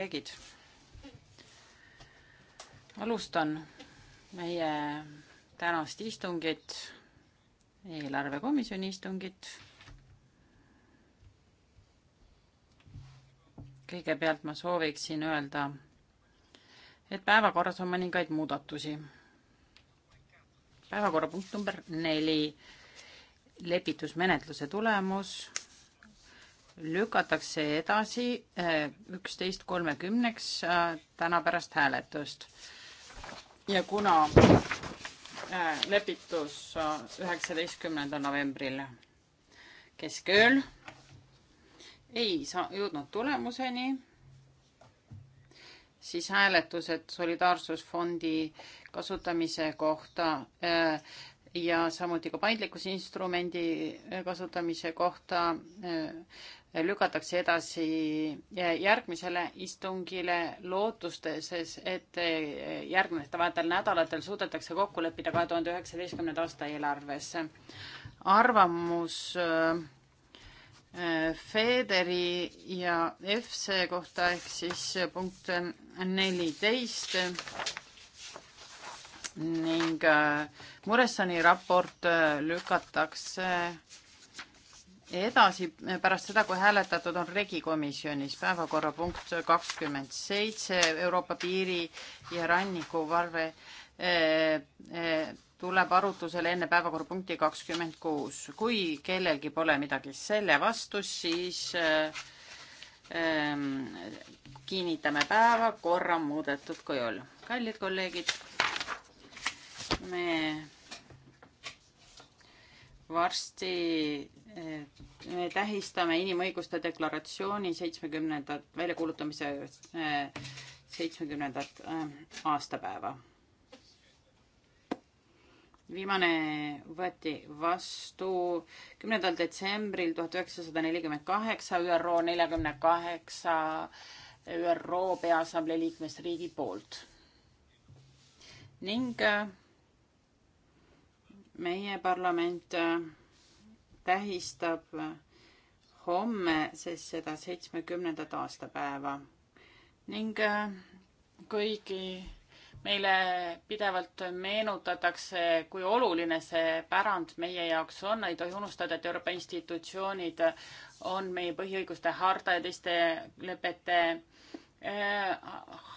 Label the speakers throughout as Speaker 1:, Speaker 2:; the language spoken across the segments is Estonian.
Speaker 1: kolleegid, alustan meie tänast istungit, eelarvekomisjoni istungit. kõigepealt ma sooviksin öelda, et päevakorras on mõningaid muudatusi. päevakorrapunkt number neli, lepitusmenetluse tulemus lükatakse edasi eh, üksteist kolmekümneks eh, täna pärast hääletust. ja kuna eh, lepitus üheksateistkümnendal novembril keskööl ei saa, jõudnud tulemuseni, siis hääletused Solidaarsusfondi kasutamise kohta ja samuti ka paindlikkusinstrumendi kasutamise kohta äh, lükatakse edasi äh, järgmisele istungile lootustes, et äh, järgnevatel nädalatel suudetakse kokku leppida kahe tuhande üheksateistkümnenda aasta eelarves. arvamus Federi ja EFSE kohta ehk siis punkt neliteist ning äh, Muressoni raport äh, lükatakse edasi äh, pärast seda, kui hääletatud on regikomisjonis päevakorrapunkt kakskümmend seitse Euroopa piiri ja rannikuvalve tuleb arutusele enne päevakorrapunkti kakskümmend kuus. kui kellelgi pole midagi selle vastu, siis äh, äh, kinnitame päevakorra muudetud kujul. kallid kolleegid me varsti me tähistame inimõiguste deklaratsiooni seitsmekümnendat, väljakuulutamise seitsmekümnendat äh, aastapäeva. viimane võeti vastu kümnendal detsembril tuhat üheksasada nelikümmend kaheksa ÜRO neljakümne kaheksa ÜRO Peaassamblee liikmesriigi poolt ning äh, meie parlament äh, tähistab äh, homme siis seda seitsmekümnendat aastapäeva ning äh, kuigi meile pidevalt meenutatakse, kui oluline see pärand meie jaoks on, ei tohi unustada, et Euroopa institutsioonid on meie põhiõiguste harta ja teiste lepete Äh,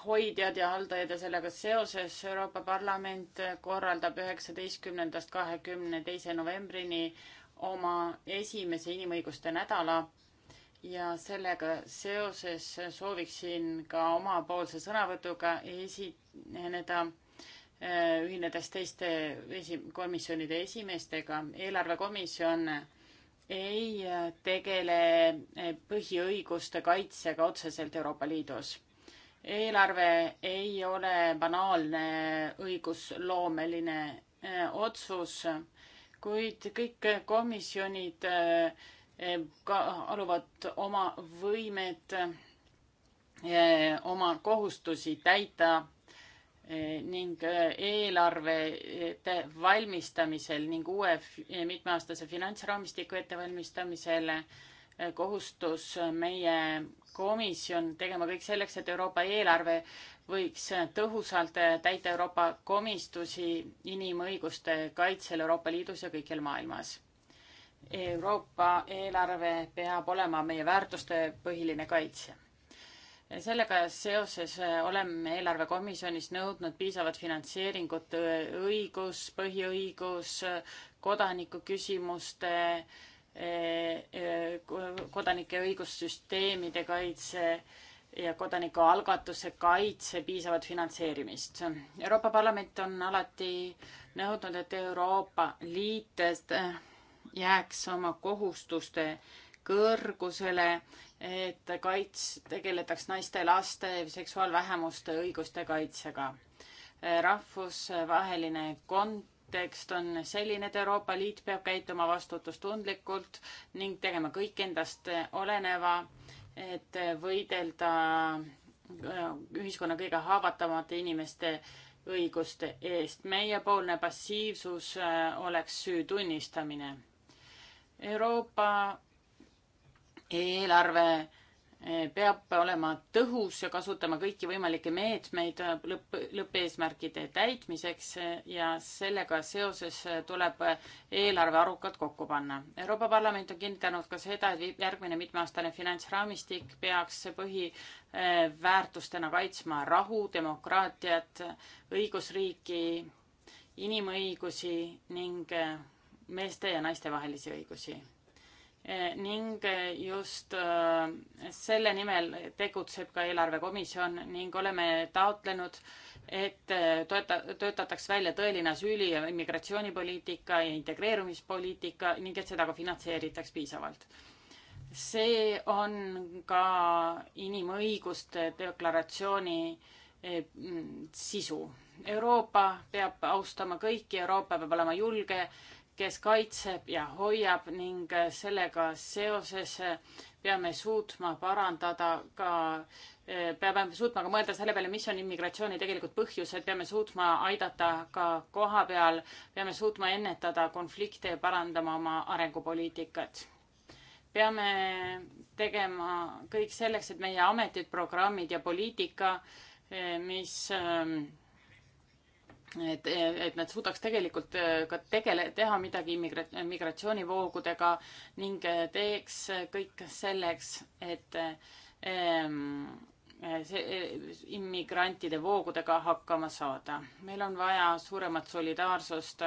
Speaker 1: hoidjad ja haldajad ja sellega seoses Euroopa Parlament korraldab üheksateistkümnendast kahekümne teise novembrini oma esimese inimõiguste nädala ja sellega seoses sooviksin ka omapoolse sõnavõtuga esineda äh, ühinedes teiste esi-, komisjonide esimeestega. eelarvekomisjon ei tegele eh, põhiõiguste kaitsega otseselt Euroopa Liidus. eelarve ei ole banaalne õigusloomeline eh, otsus, kuid kõik komisjonid eh, ka aluvad oma võimed, oma kohustusi täita ning eh, eelarvete valmistamisel ning uue mitmeaastase finantsraamistiku ettevalmistamisel eh, kohustus meie komisjon tegema kõik selleks, et Euroopa eelarve võiks tõhusalt eh, täita Euroopa komistusi inimõiguste kaitsel Euroopa Liidus ja kõikjal maailmas. Euroopa eelarve peab olema meie väärtuste põhiline kaitse sellega seoses äh, oleme eelarvekomisjonis nõudnud piisavat finantseeringut äh, õigus, põhiõigus, äh, kodanikuküsimuste, kodanike õigussüsteemide kaitse ja kodanikualgatuse kaitse piisavat finantseerimist. Euroopa Parlament on alati nõudnud, et Euroopa Liit jääks oma kohustuste kõrgusele et kaits-, tegeletaks naiste, laste, seksuaalvähemuste õiguste kaitsega. rahvusvaheline kontekst on selline, et Euroopa Liit peab käituma vastutustundlikult ning tegema kõik endast oleneva, et võidelda äh, ühiskonna kõige haavatavamate inimeste õiguste eest. meiepoolne passiivsus äh, oleks süü tunnistamine. Euroopa eelarve eh, peab olema tõhus ja kasutama kõiki võimalikke meetmeid eh, lõpp, lõppeesmärkide täitmiseks eh, ja sellega seoses tuleb eelarve arukalt kokku panna. Euroopa Parlament on kinnitanud ka seda, et järgmine mitmeaastane finantsraamistik peaks põhiväärtustena kaitsma rahu, demokraatiat, õigusriiki, inimõigusi ning meeste ja naiste vahelisi õigusi Eh, ning eh, just eh, selle nimel tegutseb ka eelarvekomisjon ning oleme taotlenud, et toeta-, töötataks välja tõeline asüüli- ja immigratsioonipoliitika ja integreerumispoliitika ning et seda ka finantseeritaks piisavalt. see on ka inimõiguste deklaratsiooni sisu. Euroopa peab austama kõiki, Euroopa peab olema julge kes kaitseb ja hoiab ning äh, sellega seoses äh, peame suutma parandada ka, äh, peame suutma ka mõelda selle peale, mis on immigratsiooni tegelikud põhjused, peame suutma aidata ka koha peal, peame suutma ennetada konflikte ja parandama oma arengupoliitikat. peame tegema kõik selleks, et meie ametid, programmid ja poliitika, mis ähm, et, et nad suudaks tegelikult äh, ka tegele, teha midagi immigra-, migratsioonivoogudega ning äh, teeks kõik selleks, et ähm, see äh, immigrantide voogudega hakkama saada. meil on vaja suuremat solidaarsust,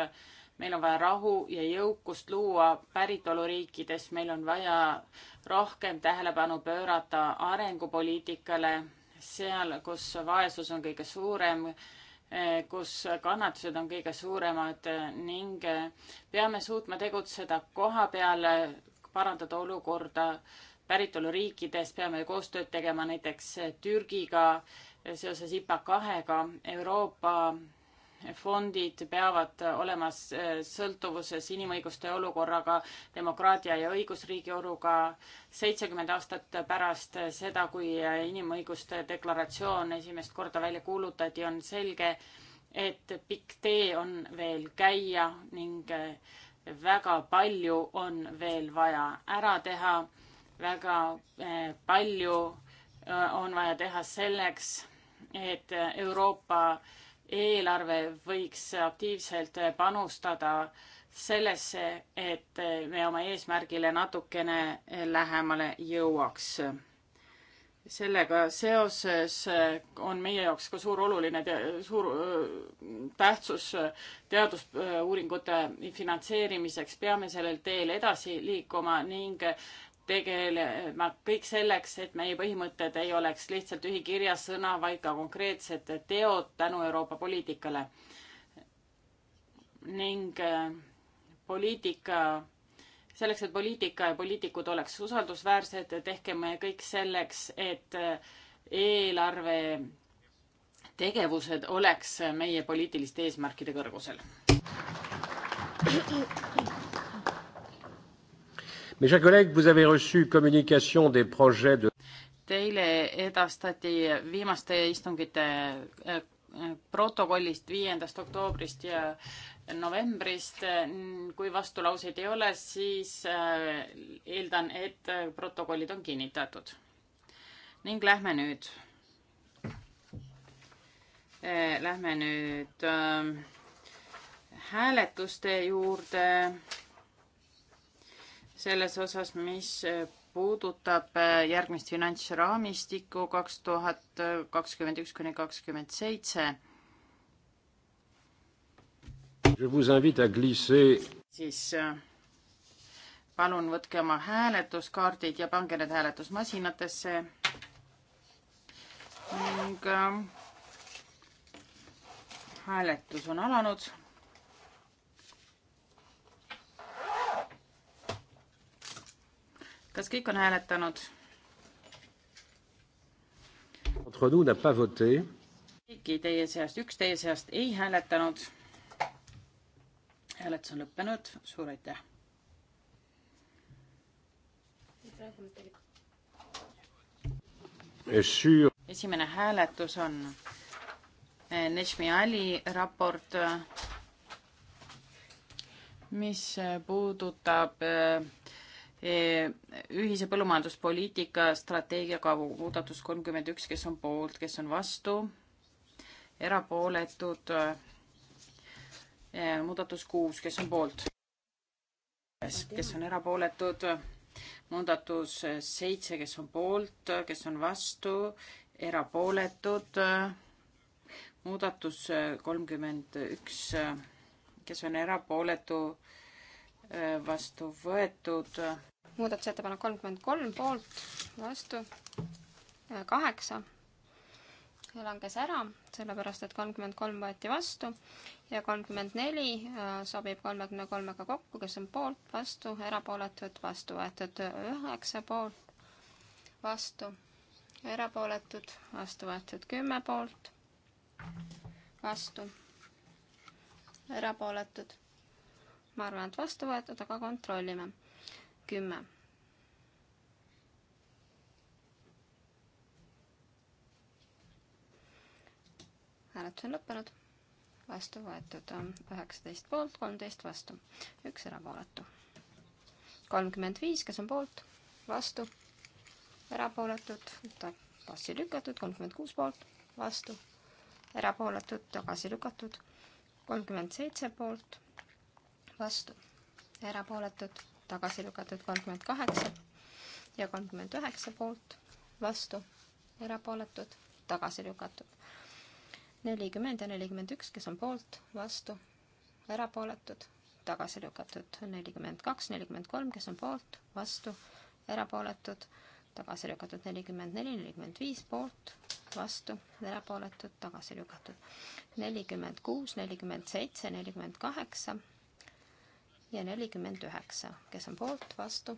Speaker 1: meil on vaja rahu ja jõukust luua päritoluriikides, meil on vaja rohkem tähelepanu pöörata arengupoliitikale, seal, kus vaesus on kõige suurem Eh, kus kannatused on kõige suuremad eh, ning eh, peame suutma tegutseda koha peal, parandada olukorda päritoluriikides, peame koostööd tegema näiteks Türgiga seoses IPA kahega. Euroopa fondid peavad olema sõltuvuses inimõiguste olukorraga, demokraatia ja õigusriigi oluga. seitsekümmend aastat pärast seda, kui inimõiguste deklaratsioon esimest korda välja kuulutati, on selge, et pikk tee on veel käia ning väga palju on veel vaja ära teha. väga eh, palju eh, on vaja teha selleks, et Euroopa eelarve võiks aktiivselt panustada sellesse, et me oma eesmärgile natukene lähemale jõuaks. sellega seoses on meie jaoks ka suur oluline, suur tähtsus teadusuuringute finantseerimiseks, peame sellel teel edasi liikuma ning tegelema kõik selleks, et meie põhimõtted ei oleks lihtsalt tühi kirjasõna, vaid ka konkreetsed teod tänu Euroopa poliitikale. ning äh, poliitika, selleks, et poliitika ja poliitikud oleks usaldusväärsed, tehkem kõik selleks, et äh, eelarve tegevused oleks meie poliitiliste eesmärkide kõrgusel. Mes chers collègues, vous avez reçu communication des projets de Teile edastati viimaste istungite äh, äh, protokollist viiendast oktoobrist ja novembrist. kui vastulauseid ei ole, siis äh, eeldan, et protokollid on kinnitatud. ning lähme nüüd. Lähme nüüd hääletuste juurde selles osas, mis äh, puudutab äh, järgmist finantsraamistikku kaks tuhat kakskümmend üks kuni kakskümmend seitse. siis äh, palun võtke oma hääletuskaardid ja pange need hääletusmasinatesse ning hääletus on alanud kas kõik on hääletanud? keegi teie seast, üks teie seast ei hääletanud. hääletus on lõppenud, suur aitäh. esimene hääletus on eh, Neshmi Ali raport, eh, mis eh, puudutab äh, Eh, ühise põllumajanduspoliitika strateegiaga muudatus kolmkümmend üks, kes on poolt, kes on vastu, erapooletud eh, muudatus kuus, kes on poolt, kes on erapooletud, muudatus seitse, kes on poolt, kes on vastu, erapooletud, muudatus kolmkümmend üks, kes on erapooletu vastu võetud.
Speaker 2: muudatusettepanek kolmkümmend kolm poolt, vastu äh, kaheksa. langes ära, sellepärast et kolmkümmend kolm võeti vastu ja kolmkümmend neli äh, sobib kolmekümne kolmega kokku, kes on poolt, vastu, erapooletud, vastu võetud üheksa poolt, vastu, erapooletud, vastu võetud kümme poolt, vastu, erapooletud ma arvan, et vastu võetud, aga kontrollime. kümme. hääletus on lõppenud, vastu võetud üheksateist poolt, kolmteist vastu, üks erapooletu. kolmkümmend viis, kes on poolt, vastu, erapooletud, tagasi lükatud, kolmkümmend kuus poolt, vastu, erapooletud, tagasi lükatud, kolmkümmend seitse poolt vastu, erapooletud, tagasi lükatud kolmkümmend kaheksa ja kolmkümmend üheksa poolt, vastu, erapooletud, tagasi lükatud. nelikümmend ja nelikümmend üks, kes on poolt, vastu, erapooletud, tagasi lükatud. nelikümmend kaks, nelikümmend kolm, kes on poolt, vastu, erapooletud, tagasi lükatud. nelikümmend neli, nelikümmend viis poolt, vastu, erapooletud, tagasi lükatud. nelikümmend kuus, nelikümmend seitse, nelikümmend kaheksa ja nelikümmend üheksa, kes on poolt, vastu,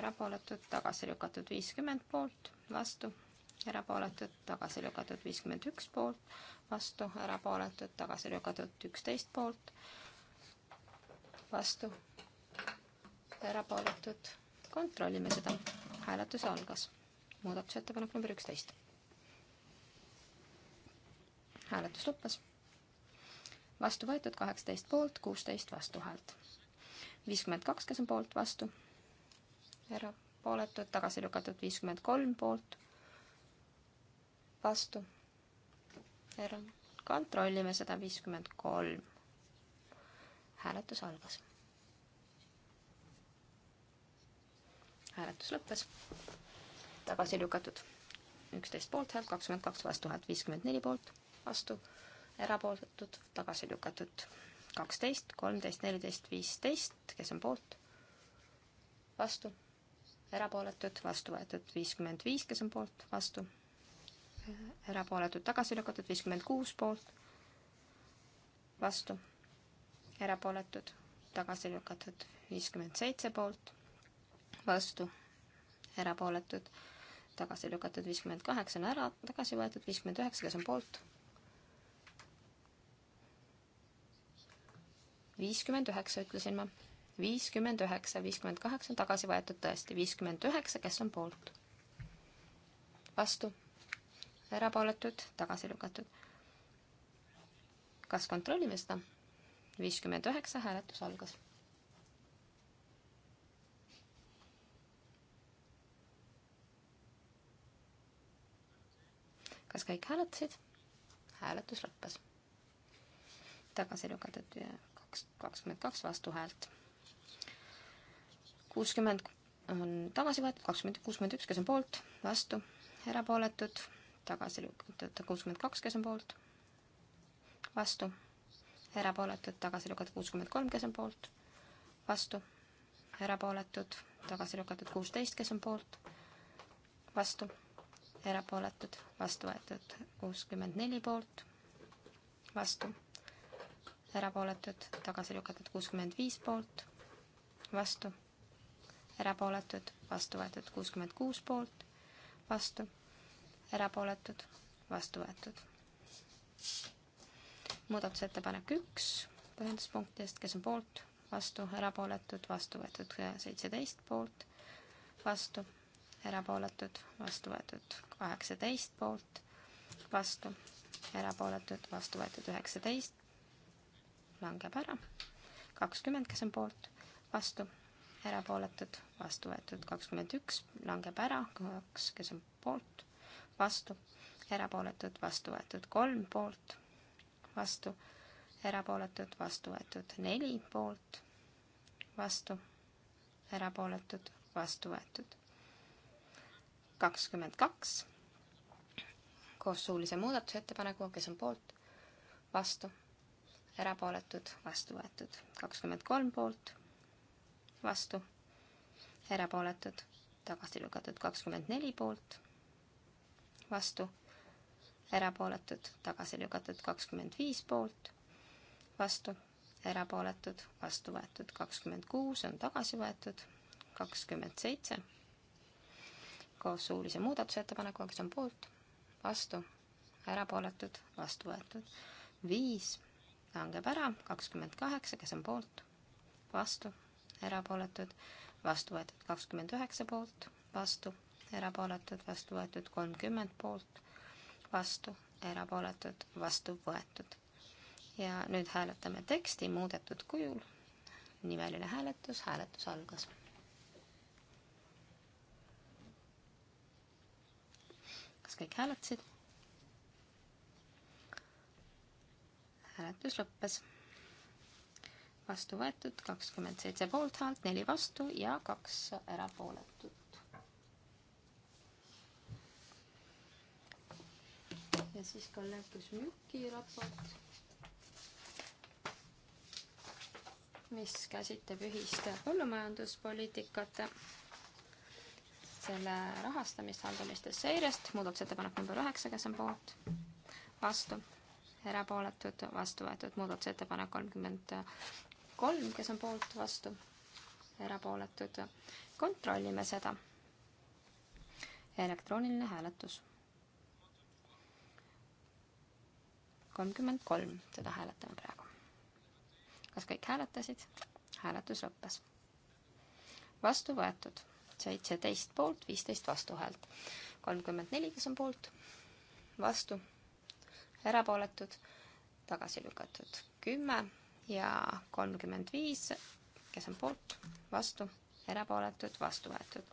Speaker 2: erapooletud, tagasi lükatud viiskümmend poolt, vastu, erapooletud, tagasi lükatud viiskümmend üks poolt, vastu, erapooletud, tagasi lükatud üksteist poolt, vastu, erapooletud. kontrollime seda. hääletus algas. muudatusettepanek number üksteist. hääletus lõppes. vastu võetud kaheksateist poolt, kuusteist vastuhäält viiskümmend kaks, kes on poolt, vastu, erapooletud, tagasi lükatud viiskümmend kolm poolt, vastu, era-, kontrollime seda viiskümmend kolm. hääletus algas. hääletus lõppes, tagasi lükatud üksteist poolthäält, kakskümmend kaks vastuhäält, viiskümmend neli poolt, vastu, erapooletud, tagasi lükatud kaksteist, kolmteist, neliteist, viisteist, kes on poolt? vastu. erapooletud, vastu võetud viiskümmend viis, kes on poolt, vastu. erapooletud, tagasi lükatud viiskümmend kuus poolt, vastu. erapooletud, tagasi lükatud viiskümmend seitse poolt, vastu. erapooletud, tagasi lükatud viiskümmend kaheksa on ära tagasi võetud, viiskümmend üheksa, kes on poolt viiskümmend üheksa, ütlesin ma. viiskümmend üheksa, viiskümmend kaheksa on tagasi võetud tõesti, viiskümmend üheksa, kes on poolt? vastu, erapooletud, tagasi lükatud. kas kontrollime seda? viiskümmend üheksa, hääletus algas. kas kõik hääletasid? hääletus lõppes. tagasi lükatud kaks, kakskümmend kaks vastuhäält. kuuskümmend on tagasi võetud, kakskümmend, kuuskümmend üks, kes on poolt, vastu, erapooletud, tagasi lükatud kuuskümmend kaks, kes on poolt, vastu, erapooletud, tagasi lükatud kuuskümmend kolm, kes on poolt, vastu, erapooletud, tagasi lükatud kuusteist, kes on poolt, vastu, erapooletud, vastu võetud kuuskümmend neli poolt, vastu erapooletud, tagasi lükatud kuuskümmend viis poolt, vastu, erapooletud, vastu võetud kuuskümmend kuus poolt, vastu, erapooletud, vastu võetud. muudatusettepanek üks põhjenduspunktidest, kes on poolt, vastu, erapooletud, vastu võetud seitseteist poolt, vastu, erapooletud, vastu võetud kaheksateist poolt, vastu, erapooletud, vastu võetud üheksateist langeb ära. kakskümmend, kes on poolt, vastu, erapooletud, vastu võetud. kakskümmend üks langeb ära, kaks, kes on poolt, vastu, erapooletud, vastu võetud. kolm poolt, vastu, erapooletud, vastu võetud. neli poolt, vastu, erapooletud, vastu võetud. kakskümmend kaks koos suulise muudatusettepanekuga, kes on poolt, vastu erapooletud, vastu võetud. kakskümmend kolm poolt, vastu, erapooletud, tagasi lükatud. kakskümmend neli poolt, vastu, erapooletud, tagasi lükatud. kakskümmend viis poolt, vastu, erapooletud, vastu võetud. kakskümmend kuus on tagasi võetud. kakskümmend seitse koos suulise muudatusettepanekuga, kes on poolt, vastu, erapooletud, vastu võetud. viis langeb ära, kakskümmend kaheksa, kes on poolt, vastu, erapooletud, vastu võetud kakskümmend üheksa poolt, vastu, erapooletud, vastu võetud kolmkümmend poolt, vastu, erapooletud, vastu võetud. ja nüüd hääletame teksti muudetud kujul. nimeline hääletus, hääletus algas. kas kõik hääletasid? hääletus lõppes. vastu võetud kakskümmend seitse poolthäält, neli vastu ja kaks erapooletut. ja siis kolleeg Kusmüki raport, mis käsitleb ühist põllumajanduspoliitikat selle rahastamist haldamistest seirest, muudatusettepanek number üheksa, kes on poolt, vastu, erapooletud, vastu võetud muudatusettepanek kolmkümmend kolm, kes on poolt, vastu, erapooletud. kontrollime seda. elektrooniline hääletus. kolmkümmend kolm, seda hääletame praegu. kas kõik hääletasid? hääletus lõppes. vastu võetud seitseteist poolt, viisteist vastuhäält. kolmkümmend neli, kes on poolt, vastu erapooletud, tagasi lükatud kümme ja kolmkümmend viis, kes on poolt, vastu, erapooletud, vastu võetud.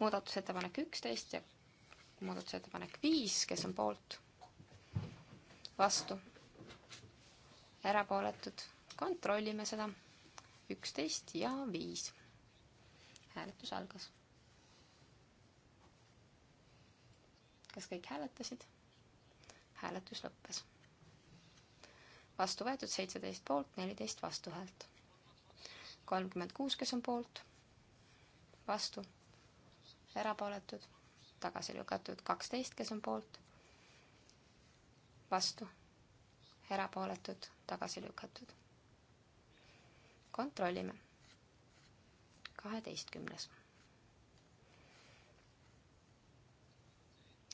Speaker 2: muudatusettepanek üksteist ja muudatusettepanek viis, kes on poolt, vastu, erapooletud, kontrollime seda, üksteist ja viis. hääletus algas. kas kõik hääletasid? hääletus lõppes. vastu võetud seitseteist poolt, neliteist vastuhäält. kolmkümmend kuus, kes on poolt, vastu, erapooletud, tagasi lükatud, kaksteist, kes on poolt, vastu, erapooletud, tagasi lükatud. kontrollime. kaheteistkümnes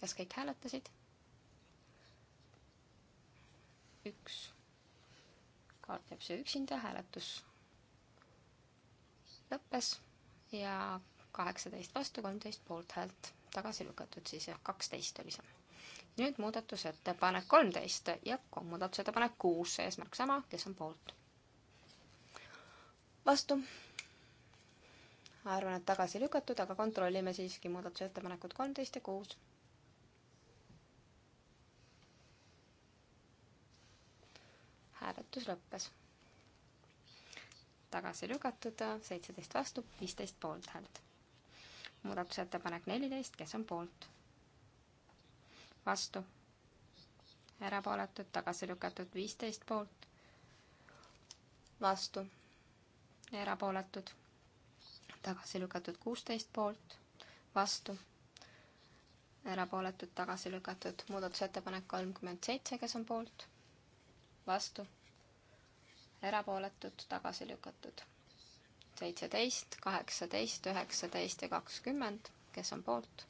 Speaker 2: kas kõik hääletasid? üks kaart jääb see üksinda, hääletus lõppes ja kaheksateist vastu, kolmteist poolthäält tagasi lükatud siis jah, kaksteist oli see. nüüd muudatusettepanek kolmteist ja muudatusettepanek kuus, eesmärk sama, kes on poolt? vastu. arvan, et tagasi lükatud, aga kontrollime siiski muudatusettepanekud kolmteist ja kuus hääletus lõppes. tagasi lükatud seitseteist vastu, viisteist poolthäält. muudatusettepanek neliteist, kes on poolt? vastu. erapooletud, tagasi lükatud, viisteist poolt. vastu. erapooletud, tagasi lükatud, kuusteist poolt. vastu erapooletud tagasi lükatud. muudatusettepanek kolmkümmend seitse, kes on poolt? vastu? erapooletud, tagasi lükatud. seitseteist, kaheksateist, üheksateist ja kakskümmend, kes on poolt?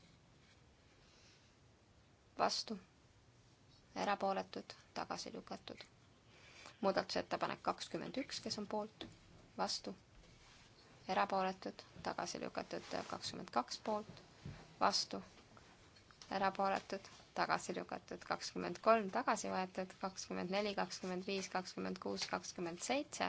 Speaker 2: vastu, erapooletud, tagasi lükatud. muudatusettepanek kakskümmend üks, kes on poolt? vastu, erapooletud, tagasi lükatud, kakskümmend kaks poolt, vastu, erapooletud tagasi lükatud, kakskümmend kolm tagasi võetud, kakskümmend neli, kakskümmend viis, kakskümmend kuus, kakskümmend seitse.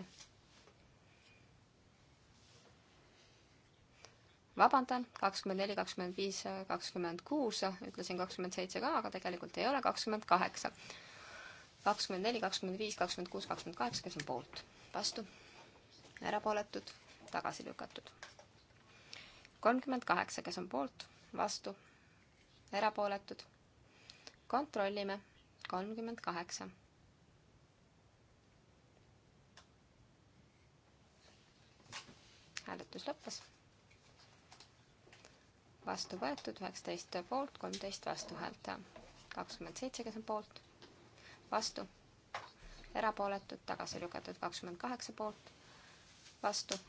Speaker 2: vabandan, kakskümmend neli, kakskümmend viis, kakskümmend kuus, ütlesin kakskümmend seitse ka, aga tegelikult ei ole, kakskümmend kaheksa. kakskümmend neli, kakskümmend viis, kakskümmend kuus, kakskümmend kaheksa, kes on poolt, vastu, erapooletud, tagasi lükatud. kolmkümmend kaheksa, kes on poolt, vastu, erapooletud kontrollime, kolmkümmend kaheksa. hääletus lõppes. vastu võetud üheksateist poolt, kolmteist vastuhäält, kakskümmend seitse, kes on poolt, vastu, erapooletud, tagasi lükatud kakskümmend kaheksa poolt, vastu,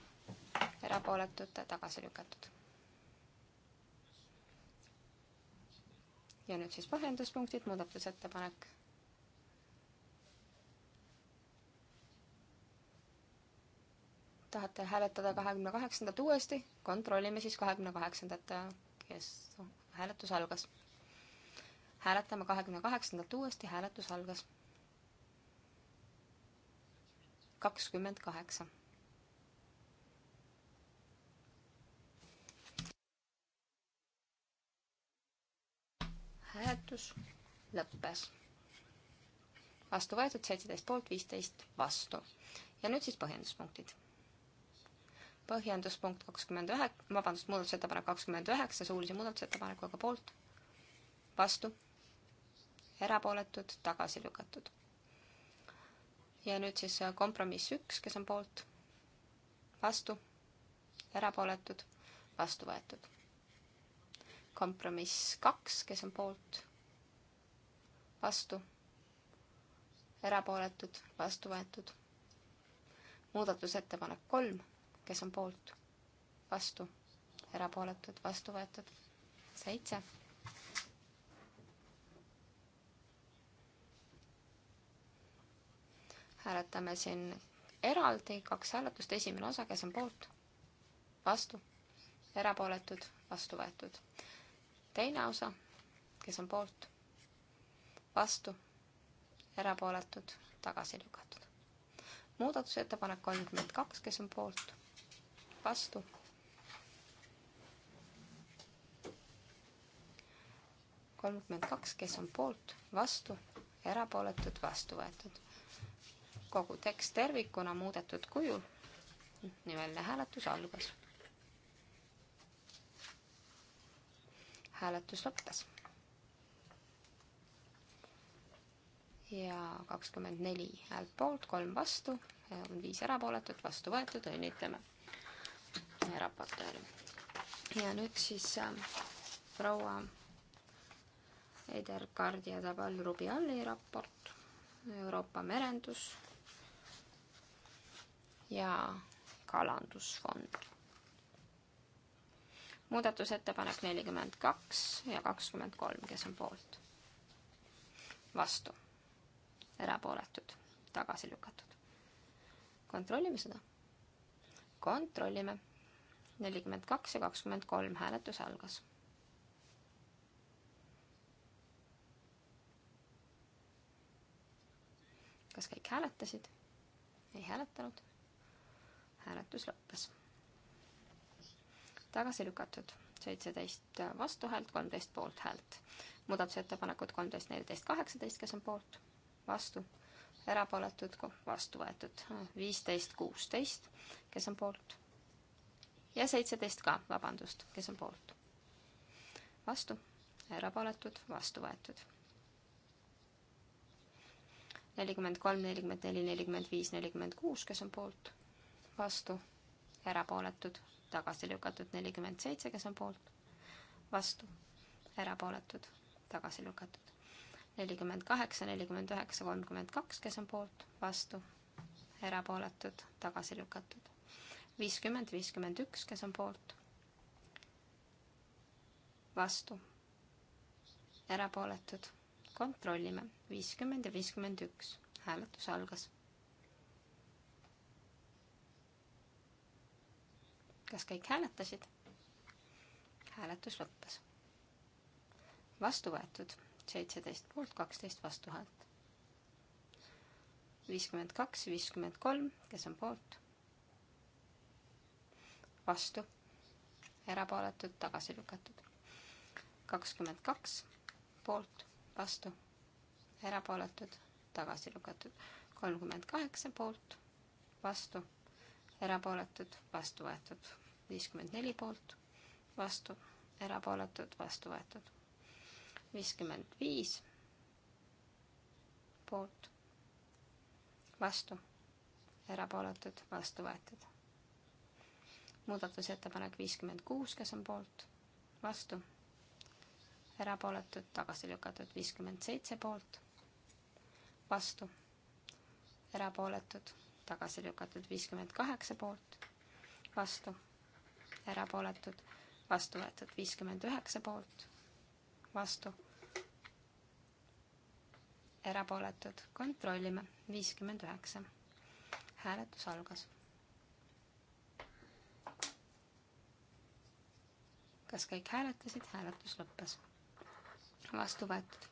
Speaker 2: erapooletud, tagasi lükatud ja nüüd siis põhjenduspunktid, muudatusettepanek. tahate hääletada kahekümne kaheksandat uuesti, kontrollime siis kahekümne kaheksandat, kes hääletus algas. hääletame kahekümne kaheksandat uuesti, hääletus algas. kakskümmend kaheksa hääletus lõppes. vastu võetud seitseteist poolt, viisteist vastu. ja nüüd siis põhjenduspunktid. põhjenduspunkt kakskümmend ühe, vabandust, muudatusettepanek kakskümmend üheksa suulise muudatusettepanekuga poolt, vastu, erapooletud, tagasi lükatud. ja nüüd siis kompromiss üks, kes on poolt, vastu, erapooletud, vastu võetud kompromiss kaks, kes on poolt, vastu, erapooletud, vastu võetud. muudatusettepanek kolm, kes on poolt, vastu, erapooletud, vastu võetud. seitse hääletame siin eraldi kaks hääletust, esimene osa, kes on poolt, vastu, erapooletud, vastu võetud teine osa, kes on poolt, vastu, erapooletud, tagasi lükatud. muudatusettepanek kolmkümmend kaks, kes on poolt, vastu. kolmkümmend kaks, kes on poolt, vastu, erapooletud, vastu võetud. kogu tekst tervikuna muudetud kujul. nimeline hääletus algas hääletus lõppes. ja kakskümmend neli häält poolt, kolm vastu, on viis erapooletut, vastu võetud, õnnitleme raportööri. ja nüüd siis äh, proua Eder Kardia Tabal Rubiali raport, Euroopa merendus ja kalandusfond muudatusettepanek nelikümmend kaks ja kakskümmend kolm, kes on poolt? vastu, erapooletud, tagasi lükatud. kontrollime seda. kontrollime. nelikümmend kaks ja kakskümmend kolm hääletus algas. kas kõik hääletasid? ei hääletanud. hääletus lõppes tagasi lükatud. seitseteist vastuhäält, kolmteist poolthäält. muudatusettepanekud kolmteist, neliteist, kaheksateist, kes on poolt, vastu, erapooletud, vastu võetud. viisteist, kuusteist, kes on poolt. ja seitseteist ka, vabandust, kes on poolt. vastu, erapooletud, vastu võetud nelikümmend kolm, nelikümmend neli, nelikümmend viis, nelikümmend kuus, kes on poolt, vastu, erapooletud, tagasi lükatud nelikümmend seitse, kes on poolt, vastu, erapooletud, tagasi lükatud. nelikümmend kaheksa, nelikümmend üheksa, kolmkümmend kaks, kes on poolt, vastu, erapooletud, tagasi lükatud. viiskümmend, viiskümmend üks, kes on poolt, vastu, erapooletud. kontrollime, viiskümmend ja viiskümmend üks, hääletus algas kas kõik hääletasid? hääletus lõppes. vastu võetud seitseteist poolt, kaksteist vastuhäält. viiskümmend kaks, viiskümmend kolm, kes on poolt? vastu, erapooletud, tagasi lükatud. kakskümmend kaks poolt, vastu, erapooletud, tagasi lükatud. kolmkümmend kaheksa poolt, vastu erapooletud, vastu võetud. viiskümmend neli poolt, vastu, erapooletud, vastu võetud. viiskümmend viis poolt, vastu, erapooletud, vastu võetud. muudatusettepanek viiskümmend kuus, kes on poolt, vastu, erapooletud, tagasi lükatud, viiskümmend seitse poolt, vastu, erapooletud tagasi lükatud viiskümmend kaheksa poolt, vastu, erapooletud, vastu võetud viiskümmend üheksa poolt, vastu, erapooletud, kontrollime, viiskümmend üheksa. hääletus algas. kas kõik hääletasid, hääletus lõppes. vastu võetud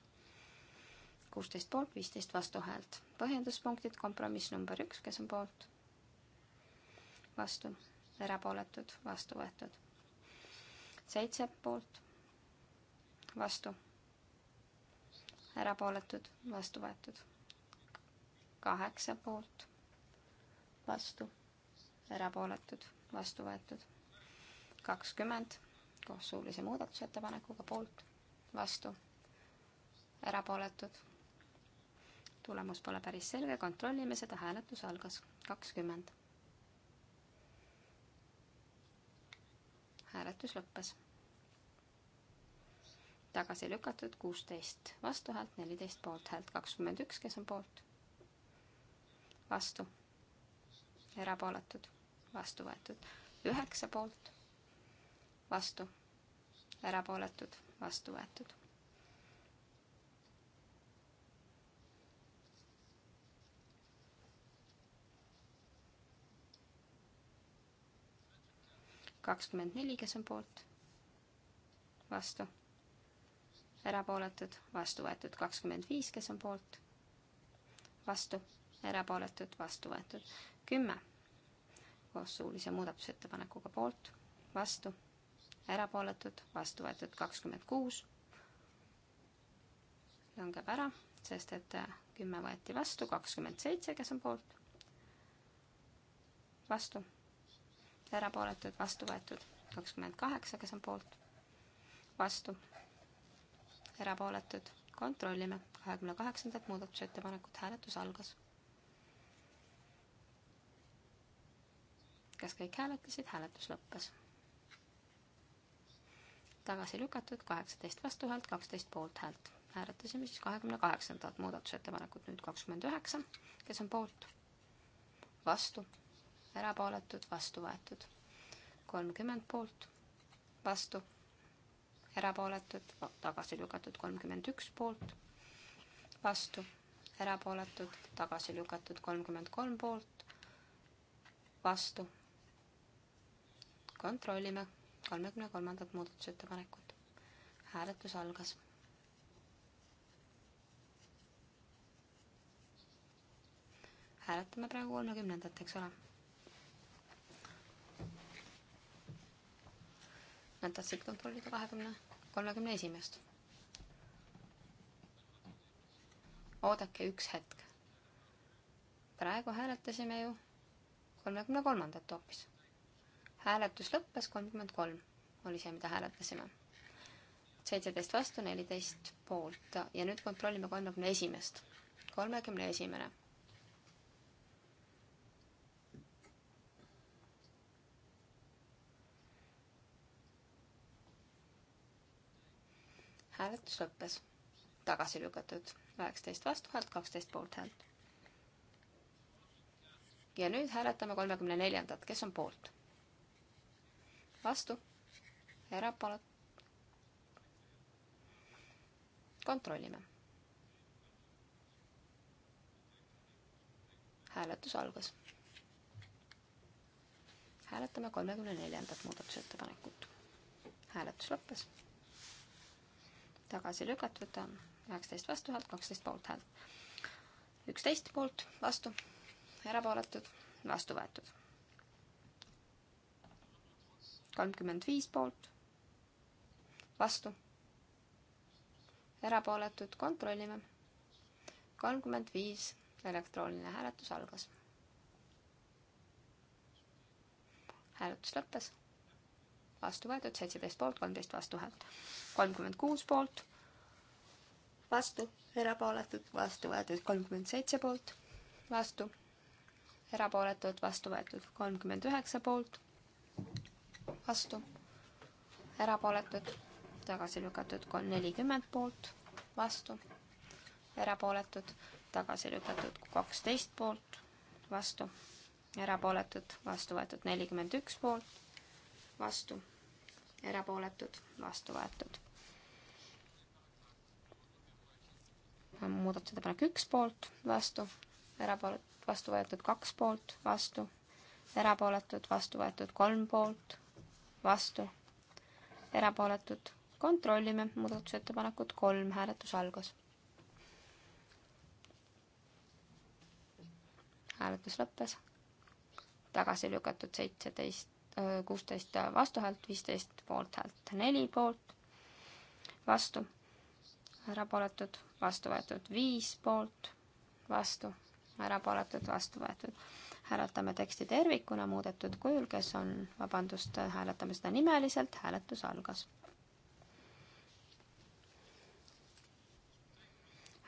Speaker 2: kuusteist poolt, viisteist vastuhäält. põhjenduspunktid, kompromiss number üks, kes on poolt? vastu, erapooletud, vastu võetud. seitse poolt, vastu, erapooletud, vastu võetud. kaheksa poolt, vastu, erapooletud, vastu võetud. kakskümmend koos suulise muudatusettepanekuga poolt, vastu, erapooletud tulemus pole päris selge, kontrollime seda, hääletus algas kakskümmend. hääletus lõppes. tagasi lükatud kuusteist vastuhäält, neliteist poolthäält, kakskümmend üks, kes on poolt. vastu. erapooletud, vastu võetud, üheksa poolt, vastu, erapooletud, vastu võetud kakskümmend neli, kes on poolt, vastu, erapooletud, vastu võetud, kakskümmend viis, kes on poolt, vastu, erapooletud, vastu võetud, kümme koos suulise muudatusettepanekuga poolt, vastu, erapooletud, vastu võetud, kakskümmend kuus langeb ära, sest et äh, kümme võeti vastu, kakskümmend seitse, kes on poolt, vastu erapooletud, vastu võetud. kakskümmend kaheksa, kes on poolt, vastu, erapooletud, kontrollime. kahekümne kaheksandat muudatusettepanekut, hääletus algas. kas kõik hääletasid, hääletus lõppes. tagasi lükatud, kaheksateist vastuhäält, kaksteist poolthäält. hääletasime siis kahekümne kaheksandat muudatusettepanekut, nüüd kakskümmend üheksa, kes on poolt, vastu erapooletud, vastu võetud. kolmkümmend poolt, vastu, erapooletud, tagasi lükatud, kolmkümmend üks poolt, vastu, erapooletud, tagasi lükatud, kolmkümmend kolm poolt, vastu. kontrollime kolmekümne kolmandat muudatusettepanekut. hääletus algas hääletame praegu kolmekümnendat, eks ole nad tahtsid kontrollida kahekümne, kolmekümne esimest. oodake üks hetk. praegu hääletasime ju kolmekümne kolmandat hoopis. hääletus lõppes kolmkümmend kolm, oli see, mida hääletasime. seitseteist vastu, neliteist poolt ja nüüd kontrollime kolmekümne esimest. kolmekümne esimene hääletus lõppes. tagasi lükatud üheksateist vastuhäält, kaksteist poolthäält. ja nüüd hääletame kolmekümne neljandat, kes on poolt? vastu, erapoolt. kontrollime. hääletus algas. hääletame kolmekümne neljandat muudatusettepanekut. hääletus lõppes tagasi lükatud, üheksateist vastuhäält, kaksteist poolthäält. üksteist poolt, vastu, erapooletud, vastu võetud. kolmkümmend viis poolt, vastu, erapooletud, kontrollime. kolmkümmend viis, elektrooniline hääletus algas. hääletus lõppes vastu võetud, seitseteist poolt, kolmteist vastu häält. kolmkümmend kuus poolt, vastu, erapooletud, vastu võetud, kolmkümmend seitse poolt, vastu, erapooletud, vastu võetud, kolmkümmend üheksa poolt, vastu, erapooletud, tagasi lükatud, kolm nelikümmend poolt, vastu, erapooletud, tagasi lükatud, kaksteist poolt, vastu erapooletud, vastu võetud nelikümmend üks poolt, vastu erapooletud, vastu võetud. muudatusettepanek üks poolt, vastu, erapooletud, vastu võetud kaks poolt, vastu, erapooletud, vastu võetud kolm poolt, vastu, erapooletud. kontrollime muudatusettepanekut kolm, hääletus algas. hääletus lõppes. tagasi lükatud seitseteist kuusteist vastuhäält, viisteist poolthäält, neli poolt, vastu, erapooletud, vastu võetud viis poolt, vastu, erapooletud, vastu võetud. hääletame teksti tervikuna muudetud kujul, kes on, vabandust, hääletame seda nimeliselt, hääletus algas.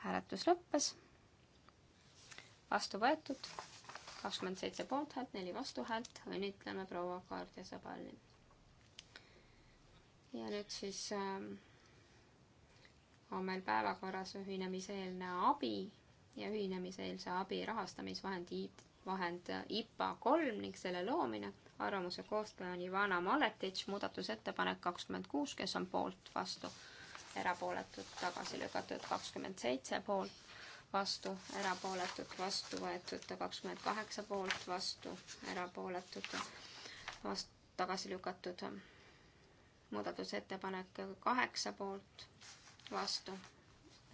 Speaker 2: hääletus lõppes, vastu võetud kakskümmend seitse poolthäält, neli vastuhäält, õnnitleme proua Kaardia Sabali. ja nüüd siis äh, on meil päevakorras ühinemiseelne abi ja ühinemiseelse abi rahastamisvahendi vahend IPA kolm ning selle loomine. arvamuse koostaja on Ivana Maletitš, muudatusettepanek kakskümmend kuus, kes on poolt, vastu, erapooletud, tagasi lükatud kakskümmend seitse poolt vastu, erapooletud, vastu võetud, kakskümmend kaheksa poolt, vastu, erapooletud, vast-, tagasi lükatud. muudatusettepanek kaheksa poolt, vastu,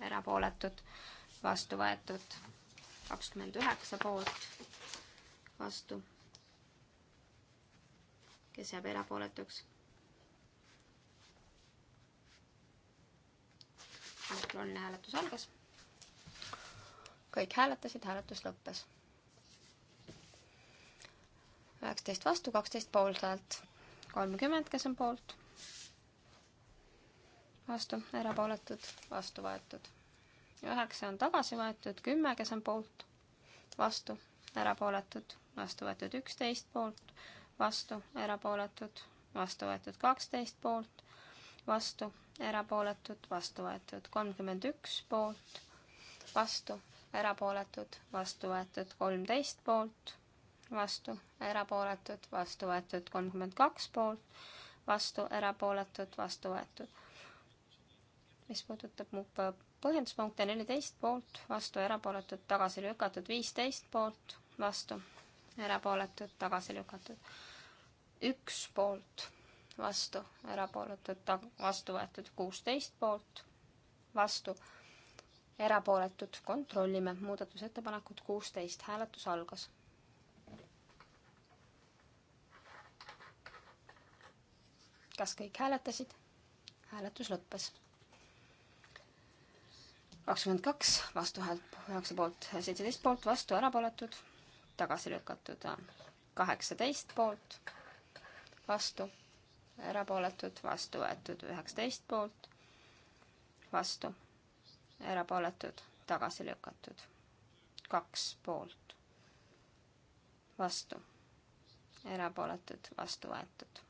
Speaker 2: erapooletud, vastu võetud, kakskümmend üheksa poolt, vastu, kes jääb erapooletuks elektrooniline hääletus algas kõik hääletasid, hääletus lõppes. üheksateist vastu, kaksteist poolthäält, kolmkümmend, kes on poolt, vastu, erapooletud, vastu võetud. üheksa on tagasi võetud, kümme, kes on poolt, vastu, erapooletud, vastu võetud üksteist poolt, vastu, erapooletud, vastu võetud kaksteist poolt, vastu, erapooletud, vastu võetud kolmkümmend üks poolt, vastu, erapooletud, vastu võetud kolmteist poolt, vastu, erapooletud, vastu võetud kolmkümmend kaks poolt, vastu, erapooletud, vastu võetud. mis puudutab mu põhjenduspunkte, neliteist poolt, vastu, erapooletud, tagasi lükatud, viisteist poolt, vastu, erapooletud, tagasi lükatud, üks poolt, vastu, erapooletud, vastu võetud, kuusteist poolt, vastu erapooletud, kontrollime, muudatusettepanekut kuusteist, hääletus algas. kas kõik hääletasid? hääletus lõppes. kakskümmend kaks vastuhäält, üheksa poolt, seitseteist poolt, vastu erapooletud, tagasi lükatud kaheksateist poolt, vastu erapooletud, vastu võetud üheksateist poolt, vastu erapooletud, tagasi lükatud. kaks poolt, vastu, erapooletud, vastu võetud.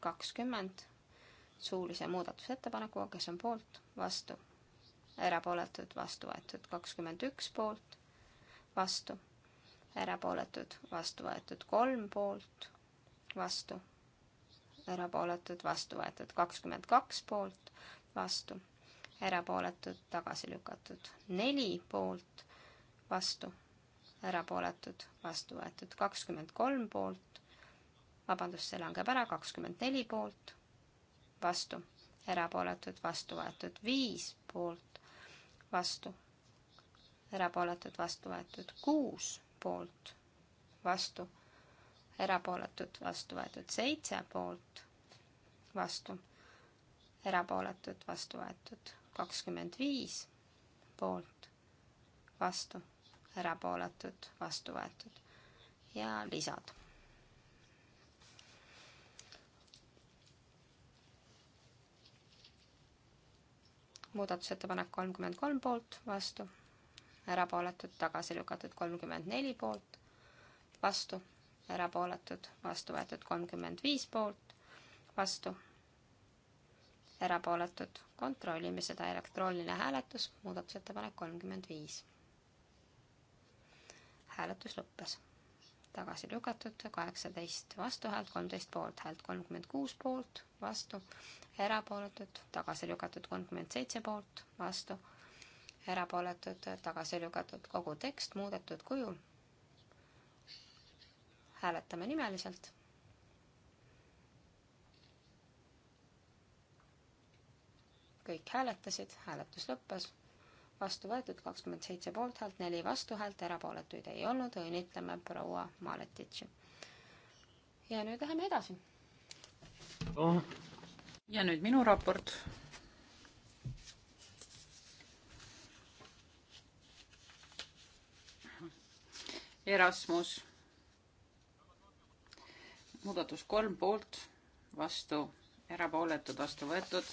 Speaker 2: kakskümmend suulise muudatusettepanekuga, kes on poolt, vastu, erapooletud, vastu võetud. kakskümmend üks poolt, vastu, erapooletud, vastu võetud. kolm poolt, vastu, erapooletud, vastu võetud. kakskümmend kaks poolt, vastu erapooletud, tagasi lükatud. neli poolt, vastu, erapooletud, vastu võetud. kakskümmend kolm poolt, vabandust, see langeb ära, kakskümmend neli poolt, vastu, erapooletud, vastu võetud. viis poolt, vastu, erapooletud, vastu võetud. kuus poolt, vastu erapooletud, vastu võetud seitse poolt, vastu, erapooletud, vastu võetud kakskümmend viis poolt, vastu, erapooletud, vastu võetud ja lisad. muudatusettepanek kolmkümmend kolm poolt, vastu, erapooletud, tagasi lükatud kolmkümmend neli poolt, vastu, erapooletud, vastu võetud kolmkümmend viis poolt, vastu erapooletud. kontrollime seda, elektrooniline hääletus, muudatusettepanek kolmkümmend viis. hääletus lõppes. tagasi lükatud kaheksateist vastuhäält, kolmteist poolthäält, kolmkümmend kuus poolt, vastu, erapooletud, tagasi lükatud kolmkümmend seitse poolt, vastu, erapooletud, tagasi lükatud, kogu tekst muudetud kujul. hääletame nimeliselt kõik hääletasid, hääletus lõppes, vastu võetud kakskümmend seitse poolthäält, neli vastuhäält, erapooletuid ei olnud, õnnitleme proua Maletitši. ja nüüd läheme edasi
Speaker 1: oh.. ja nüüd minu raport. Erasmus, muudatus kolm poolt, vastu erapooletud, vastu võetud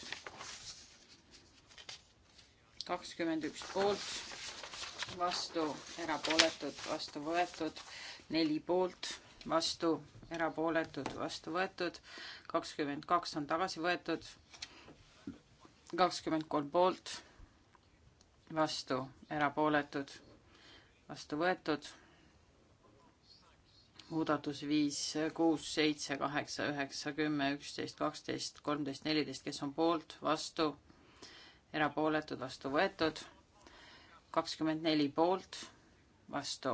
Speaker 1: kakskümmend üks poolt, vastu, erapooletud, vastu võetud, neli poolt, vastu, erapooletud, vastu võetud, kakskümmend kaks on tagasi võetud, kakskümmend kolm poolt, vastu, erapooletud, vastu võetud, muudatus viis, kuus, seitse, kaheksa, üheksa, kümme, üksteist, kaksteist, kolmteist, neliteist, kes on poolt, vastu erapooletud, vastu võetud. kakskümmend neli poolt, vastu,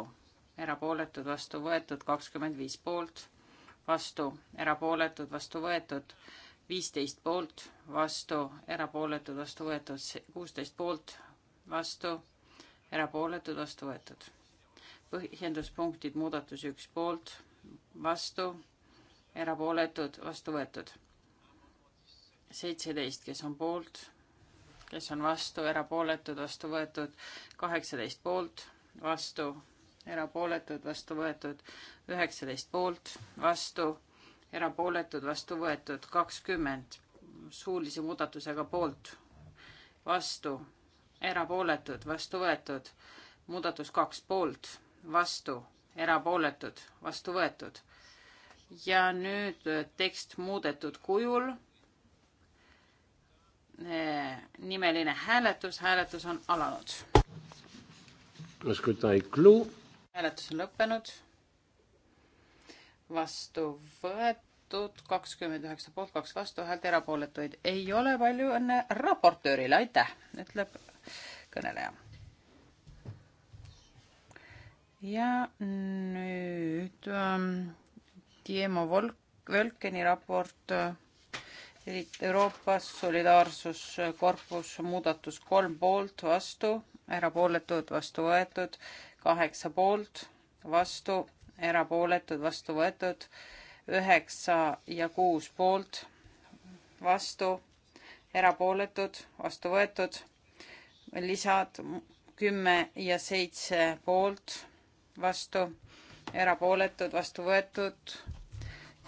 Speaker 1: erapooletud, vastu võetud, kakskümmend viis poolt, vastu, erapooletud, vastu võetud, viisteist poolt, vastu, erapooletud, vastu võetud, kuusteist poolt, vastu, erapooletud, vastu võetud. põhjenduspunktid, muudatus üks poolt, vastu, erapooletud, vastu võetud. seitseteist, kes on poolt kes on vastu, erapooletud, vastu võetud, kaheksateist poolt, vastu, erapooletud, vastu võetud, üheksateist poolt, vastu, erapooletud, vastu võetud, kakskümmend suulise muudatusega poolt, vastu, erapooletud, vastu võetud, muudatus kaks poolt, vastu, erapooletud, vastu võetud. ja nüüd tekst muudetud kujul Eh, nimeline hääletus, hääletus on alanud. hääletus on lõppenud. vastu võetud kakskümmend üheksa poolt, kaks vastuhäält, erapooletuid ei ole. palju õnne raportöörile, aitäh, ütleb kõneleja. ja nüüd ähm, Diemo Volk, Völkeni raport äh, Euroopa Solidaarsuskorpus muudatus kolm poolt, vastu, erapooletud, vastu võetud, kaheksa poolt, vastu, erapooletud, vastu võetud, üheksa ja kuus poolt, vastu, erapooletud, vastu võetud, lisad kümme ja seitse poolt, vastu, erapooletud, vastu võetud,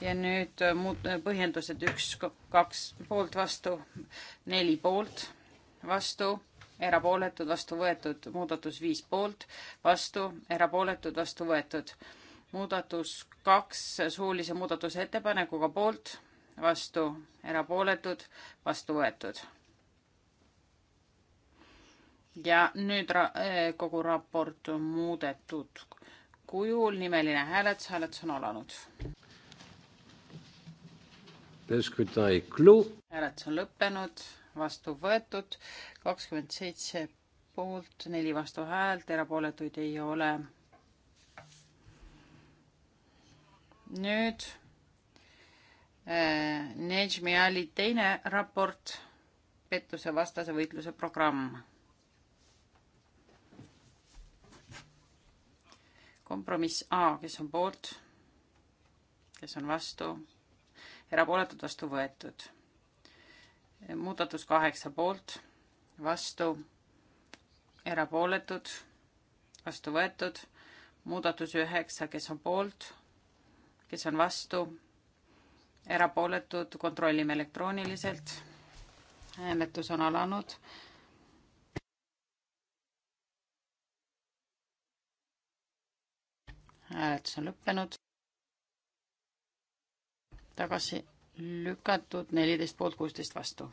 Speaker 1: ja nüüd äh, muud äh, põhjendused üks, kaks poolt vastu, neli poolt vastu, erapooletud vastu võetud, muudatus viis poolt vastu, erapooletud vastu võetud. muudatus kaks suulise muudatuse ettepanekuga poolt vastu, erapooletud vastu võetud. ja nüüd ra äh, kogu raport muudetud kujul, nimeline hääletus, hääletus on alanud hääletus on lõppenud, vastu võetud, kakskümmend seitse poolt, neli vastuhäält, erapooletuid ei ole. nüüd äh, Nejmi Ali teine raport, pettusevastase võitluse programm. kompromiss A, kes on poolt, kes on vastu erapooletud, vastu võetud. muudatus kaheksa poolt, vastu, erapooletud, vastu võetud. muudatus üheksa, kes on poolt, kes on vastu, erapooletud, kontrollime elektrooniliselt. hääletus on alanud hääletus on lõppenud tagasi lükatud, neliteist poolt, kuusteist vastu.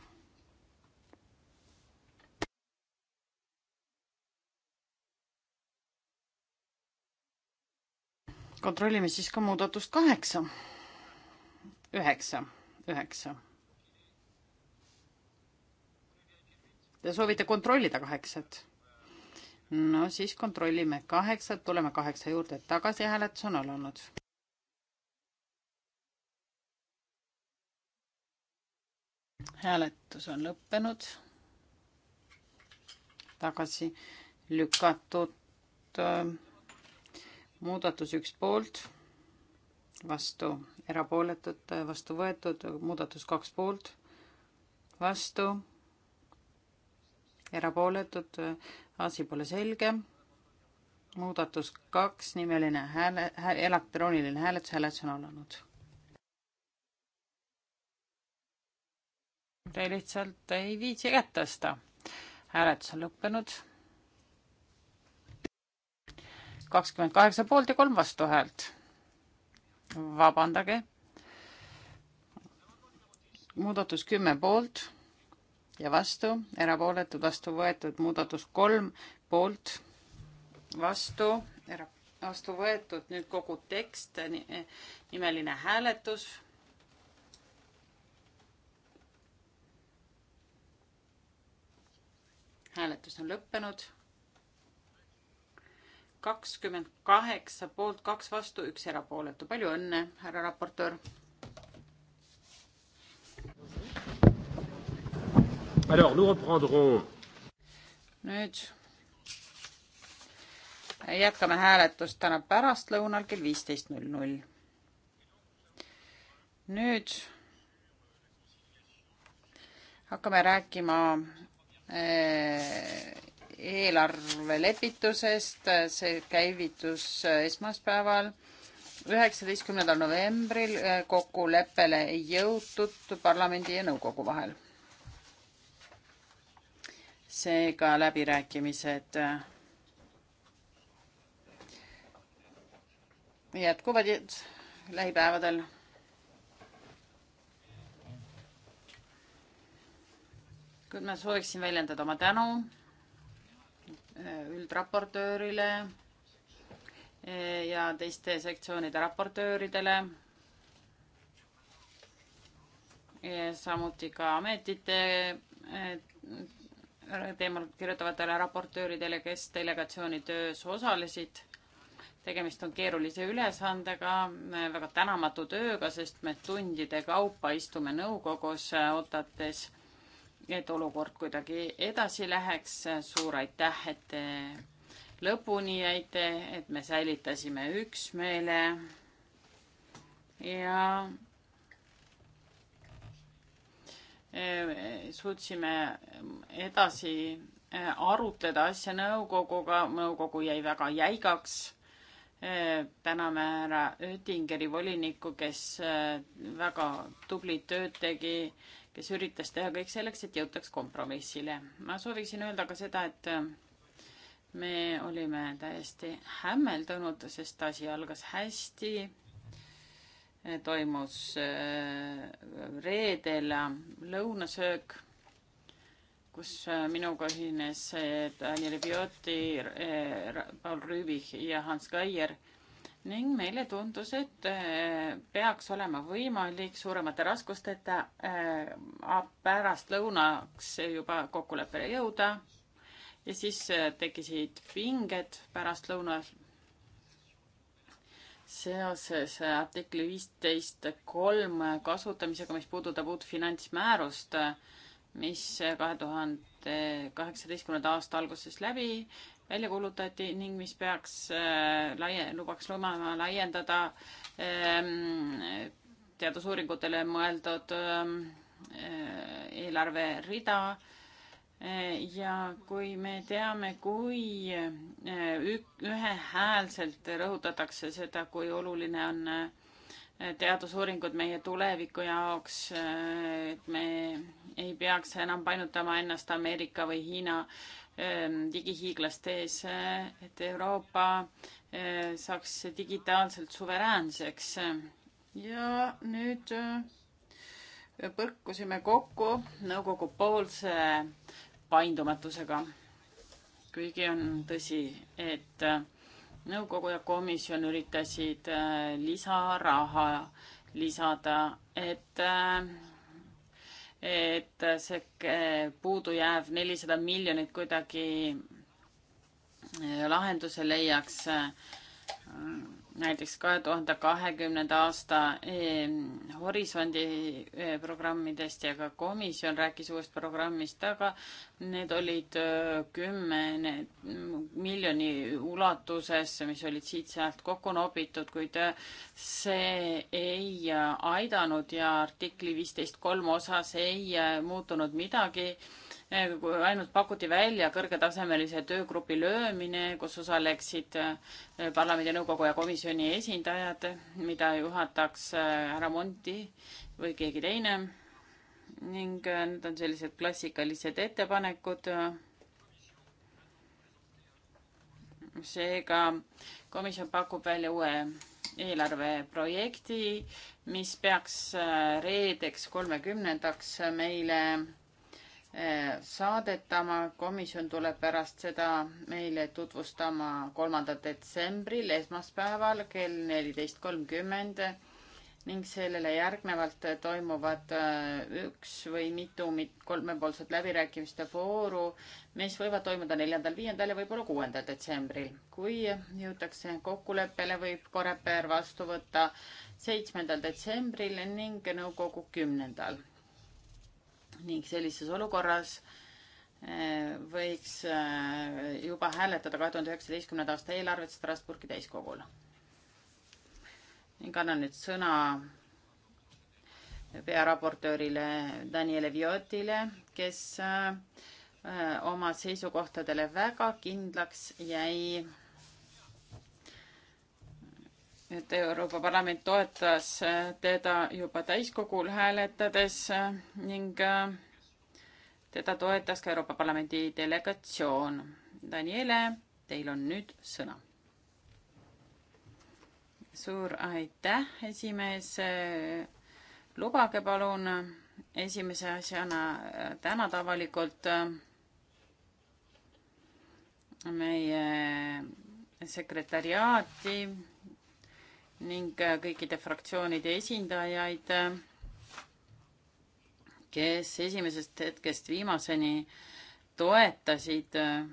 Speaker 1: kontrollime siis ka muudatust kaheksa, üheksa, üheksa. Te soovite kontrollida kaheksat? no siis kontrollime kaheksat, tuleme kaheksa juurde tagasi, hääletus on alanud. hääletus on lõppenud. tagasi lükatud äh, muudatus üks poolt, vastu erapooletud, äh, vastu võetud, muudatus kaks poolt, vastu erapooletud, äh, asi pole selge. muudatus kaks, nimeline hääle, hääle, elektrooniline hääletus, hääletus on alanud Te lihtsalt ei viitsi kätt tõsta. hääletus on lõppenud. kakskümmend kaheksa poolt ja kolm vastuhäält. vabandage. muudatus kümme poolt ja vastu, erapooletud, vastu võetud, muudatus kolm poolt, vastu, era-, vastu võetud, nüüd kogu tekst, nimeline hääletus hääletus on lõppenud. kakskümmend kaheksa poolt, kaks vastu, üks erapooletu. palju õnne, härra raportöör. nüüd jätkame hääletust täna pärastlõunal kell viisteist null null. nüüd hakkame rääkima Äh, eelarvelepitusest, see käivitus äh, esmaspäeval, üheksateistkümnendal novembril äh, kokkuleppele ei jõutud parlamendi ja nõukogu vahel. seega läbirääkimised jätkuvad lähipäevadel küll ma sooviksin väljendada oma tänu äh, üldraportöörile äh, ja teiste sektsioonide raportööridele, äh, samuti ka ametite teemal kirjutavatele raportööridele, kes delegatsiooni töös osalesid. tegemist on keerulise ülesandega, väga tänamatu tööga, sest me tundide kaupa istume nõukogus, oodates et olukord kuidagi edasi läheks. suur aitäh, et te lõpuni jäite, et me säilitasime üksmeele. ja e, suutsime edasi e, arutleda asja nõukoguga, nõukogu jäi väga jäigaks. E, täname härra Oettingeri volinikku, kes väga tublit tööd tegi kes üritas teha kõik selleks, et jõutaks kompromissile. ma sooviksin öelda ka seda, et äh, me olime täiesti hämmeldunud, sest asi algas hästi. Äh, toimus äh, reedel lõunasöök, kus minuga ühines Daniel Bioti, Paul Rüübich ja Hans Kaier ning meile tundus, et äh, peaks olema võimalik suuremate raskusteta äh, pärastlõunaks juba kokkuleppele jõuda ja siis äh, tekkisid pinged pärastlõunal seoses artikli viisteist kolm kasutamisega, mis puudutab uut finantsmäärust, mis kahe tuhande kaheksateistkümnenda aasta alguses läbi välja kuulutati ning mis peaks äh, laie-, lubaks lubama laiendada ähm, teadusuuringutele mõeldud ähm, äh, eelarverida äh, ja kui me teame, kui äh, ühehäälselt rõhutatakse seda, kui oluline on äh, teadusuuringud meie tuleviku jaoks, äh, et me ei peaks enam painutama ennast Ameerika või Hiina äh, Ehm, digihiiglaste ees, et Euroopa eh, saaks digitaalselt suveräänseks. ja nüüd eh, põrkusime kokku nõukogu poolse paindumatusega. kuigi on tõsi, et eh, nõukogu ja komisjon üritasid lisaraha lisada, et et see eh, puudujääv nelisada miljonit kuidagi eh, lahenduse leiaks eh, näiteks kahe tuhande kahekümnenda aasta ehm, horisondi ehm, programmidest ja ka komisjon rääkis uuest programmist, aga need olid kümne mm, miljoni ulatuses, mis olid siit-sealt kokku nobitud, kuid see ei äh, aidanud ja artikli viisteist kolm osas ei äh, muutunud midagi Eh, ainult pakuti välja kõrgetasemelise töögrupi löömine, kus osaleksid eh, parlamendi, nõukogu ja komisjoni esindajad, mida juhataks eh, härra Monti või keegi teine. ning need on sellised klassikalised ettepanekud. seega komisjon pakub välja uue eelarveprojekti, mis peaks reedeks, kolmekümnendaks meile Eh, saadetama, komisjon tuleb pärast seda meile tutvustama kolmandal detsembril, esmaspäeval kell neliteist kolmkümmend ning sellele järgnevalt toimuvad eh, üks või mitu kolmepoolset läbirääkimiste vooru, mis võivad toimuda neljandal, viiendal ja võib-olla kuuendal detsembril. kui jõutakse kokkuleppele, võib Koreper vastu võtta seitsmendal detsembril ning nõukogu kümnendal ning sellises olukorras eh, võiks eh, juba hääletada kahe tuhande üheksateistkümnenda aasta eelarvet Strasbourgi täiskogul. ning annan nüüd sõna pearaportöörile Daniele Viotile, kes eh, oma seisukohtadele väga kindlaks jäi et Euroopa Parlament toetas teda juba täiskogul hääletades ning teda toetas ka Euroopa Parlamendi delegatsioon. Daniele, teil on nüüd sõna. suur aitäh, esimees. lubage palun esimese asjana tänada avalikult meie sekretariaati ning äh, kõikide fraktsioonide esindajaid, kes esimesest hetkest viimaseni toetasid äh,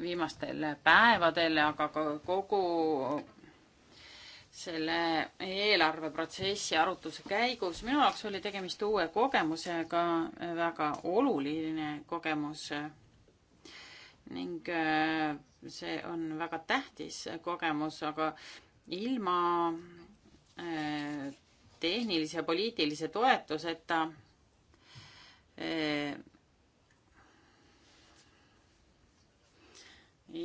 Speaker 1: viimastel päevadel, aga ka kogu selle eelarveprotsessi arutluse käigus. minu jaoks oli tegemist uue kogemusega, väga oluline kogemus äh, ning äh, see on väga tähtis kogemus, aga ilma äh, tehnilise ja poliitilise toetuseta äh,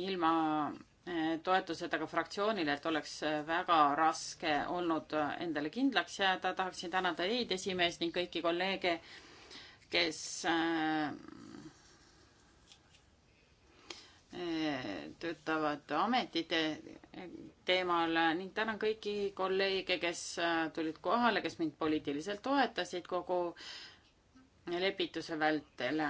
Speaker 1: ilma toetused aga fraktsioonile, et oleks väga raske olnud endale kindlaks jääda. tahaksin tänada teid, esimees, ning kõiki kolleege, kes töötavad ametite teemal ning tänan kõiki kolleege, kes tulid kohale, kes mind poliitiliselt toetasid kogu lepituse vältel.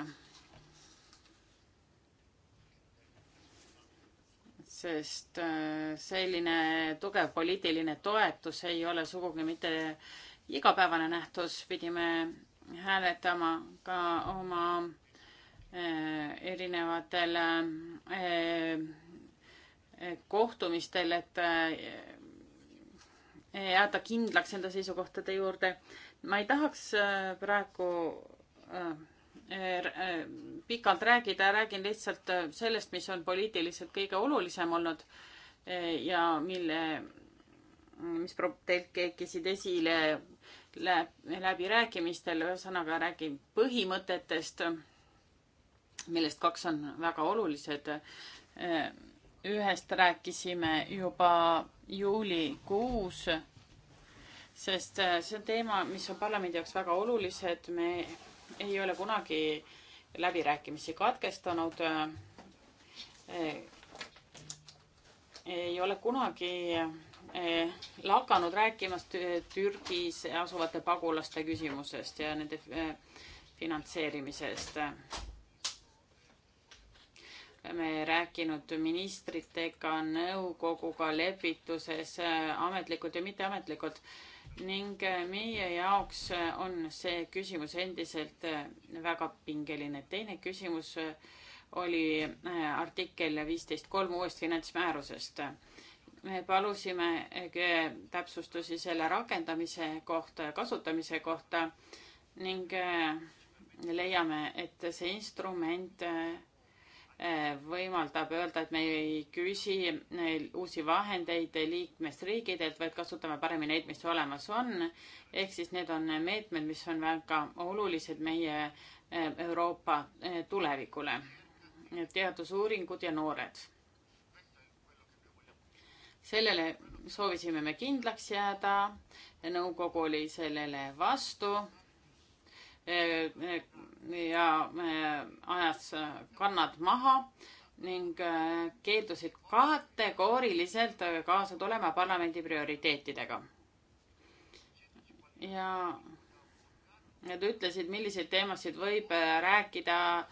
Speaker 1: sest äh, selline tugev poliitiline toetus ei ole sugugi mitte igapäevane nähtus, pidime hääletama ka oma Äh, erinevatel äh, äh, kohtumistel, et jääda kindlaks enda seisukohtade juurde. ma ei tahaks praegu pikalt räägida, räägin lihtsalt sellest, mis on poliitiliselt kõige olulisem olnud ja mille, mis teilt kerkisid esile läbirääkimistel, ühesõnaga räägin põhimõtetest millest kaks on väga olulised. ühest rääkisime juba juulikuus, sest see on teema, mis on parlamendi jaoks väga olulised. me ei ole kunagi läbirääkimisi katkestanud. ei ole kunagi eh, lakanud rääkimast Türgis asuvate pagulaste küsimusest ja nende eh, finantseerimisest me rääkinud ministritega, nõukoguga, lepituses ametlikult ja mitteametlikult ning äh, meie jaoks äh, on see küsimus endiselt äh, väga pingeline. teine küsimus oli artikkel viisteist kolm uuest finantsmäärusest. me palusime täpsustusi selle rakendamise kohta ja kasutamise kohta ning leiame, et see instrument Eh, võimaldab öelda, et me ei küsi eh, uusi vahendeid liikmesriikidelt, vaid kasutame paremini neid, mis olemas on. ehk siis need on meetmed, mis on väga olulised meie eh, Euroopa tulevikule. teadusuuringud ja noored. sellele soovisime me kindlaks jääda. nõukogu oli sellele vastu Äh, äh, ja äh, ajas kannad maha ning keeldusid kategooriliselt kaasa tulema parlamendi prioriteetidega. ja nad ütlesid, milliseid teemasid võib rääkida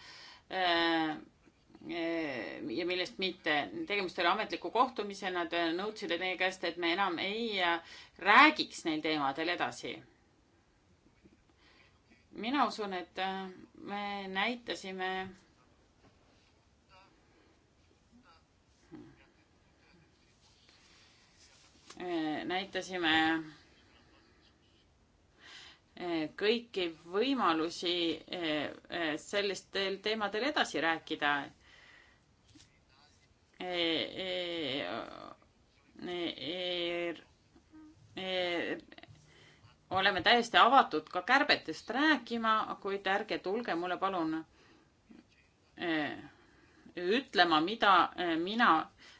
Speaker 1: ja millest mitte. tegemist oli ametliku kohtumisega, nad nõudsid meie käest, et me enam ei räägiks neil teemadel edasi mina usun, et äh, me näitasime äh, näitasime äh, kõiki võimalusi sellistel teemadel edasi rääkida oleme täiesti avatud ka kärbetest rääkima, kuid ärge tulge mulle palun eh, ütlema, mida eh, mina,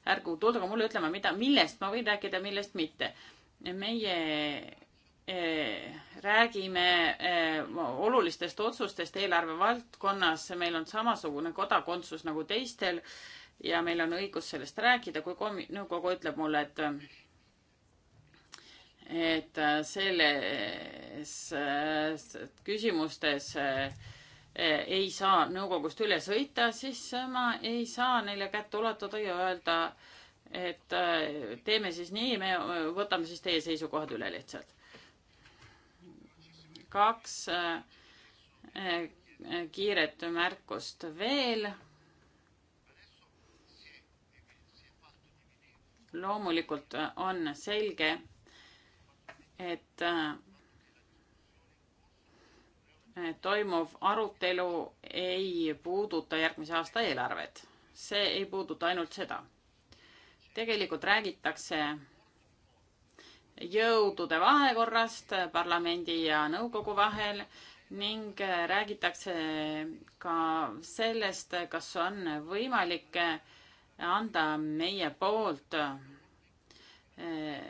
Speaker 1: ärgu tulge mulle ütlema, mida, millest ma võin rääkida, millest mitte. meie eh, räägime olulistest otsustest eelarve valdkonnas, meil on samasugune kodakondsus nagu teistel ja meil on õigus sellest rääkida, kui komi-, nõukogu ütleb mulle, et et äh, selles äh, küsimustes äh, ei saa nõukogust üle sõita, siis ma ei saa neile kätt ulatada ja öelda, et teeme siis nii, me võtame siis teie seisukohad üle lihtsalt. kaks kiiret märkust veel. loomulikult on selge et toimuv arutelu ei puuduta järgmise aasta eelarvet. see ei puuduta ainult seda. tegelikult räägitakse jõudude vahekorrast parlamendi ja nõukogu vahel ning räägitakse ka sellest, kas on võimalik anda meie poolt eh,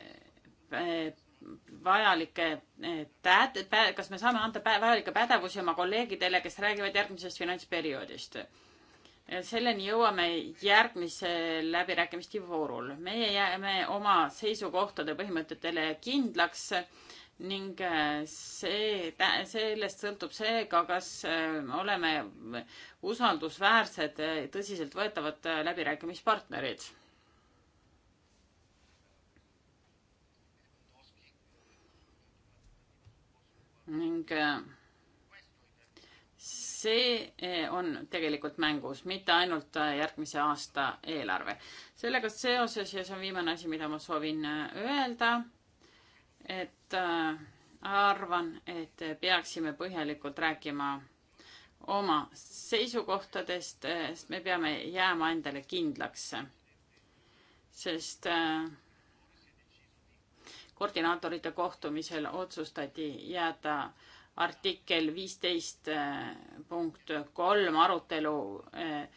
Speaker 1: vajalikke eh, päd-, pä-, kas me saame anda pä-, vajalikke pädevusi oma kolleegidele, kes räägivad järgmisest finantsperioodist? selleni jõuame järgmisel läbirääkimiste voorul. meie jääme oma seisukohtade põhimõtetele kindlaks ning eh, see, sellest sõltub see ka, kas eh, oleme usaldusväärsed, tõsiseltvõetavad läbirääkimispartnerid ning äh, see äh, on tegelikult mängus, mitte ainult äh, järgmise aasta eelarve. sellega seoses ja see on viimane asi, mida ma soovin öelda, et arvan, et peaksime põhjalikult rääkima oma seisukohtadest, sest me peame jääma endale kindlaks. sest äh, koordinaatorite kohtumisel otsustati jääda artikkel viisteist äh, punkt kolm arutelu äh, äh,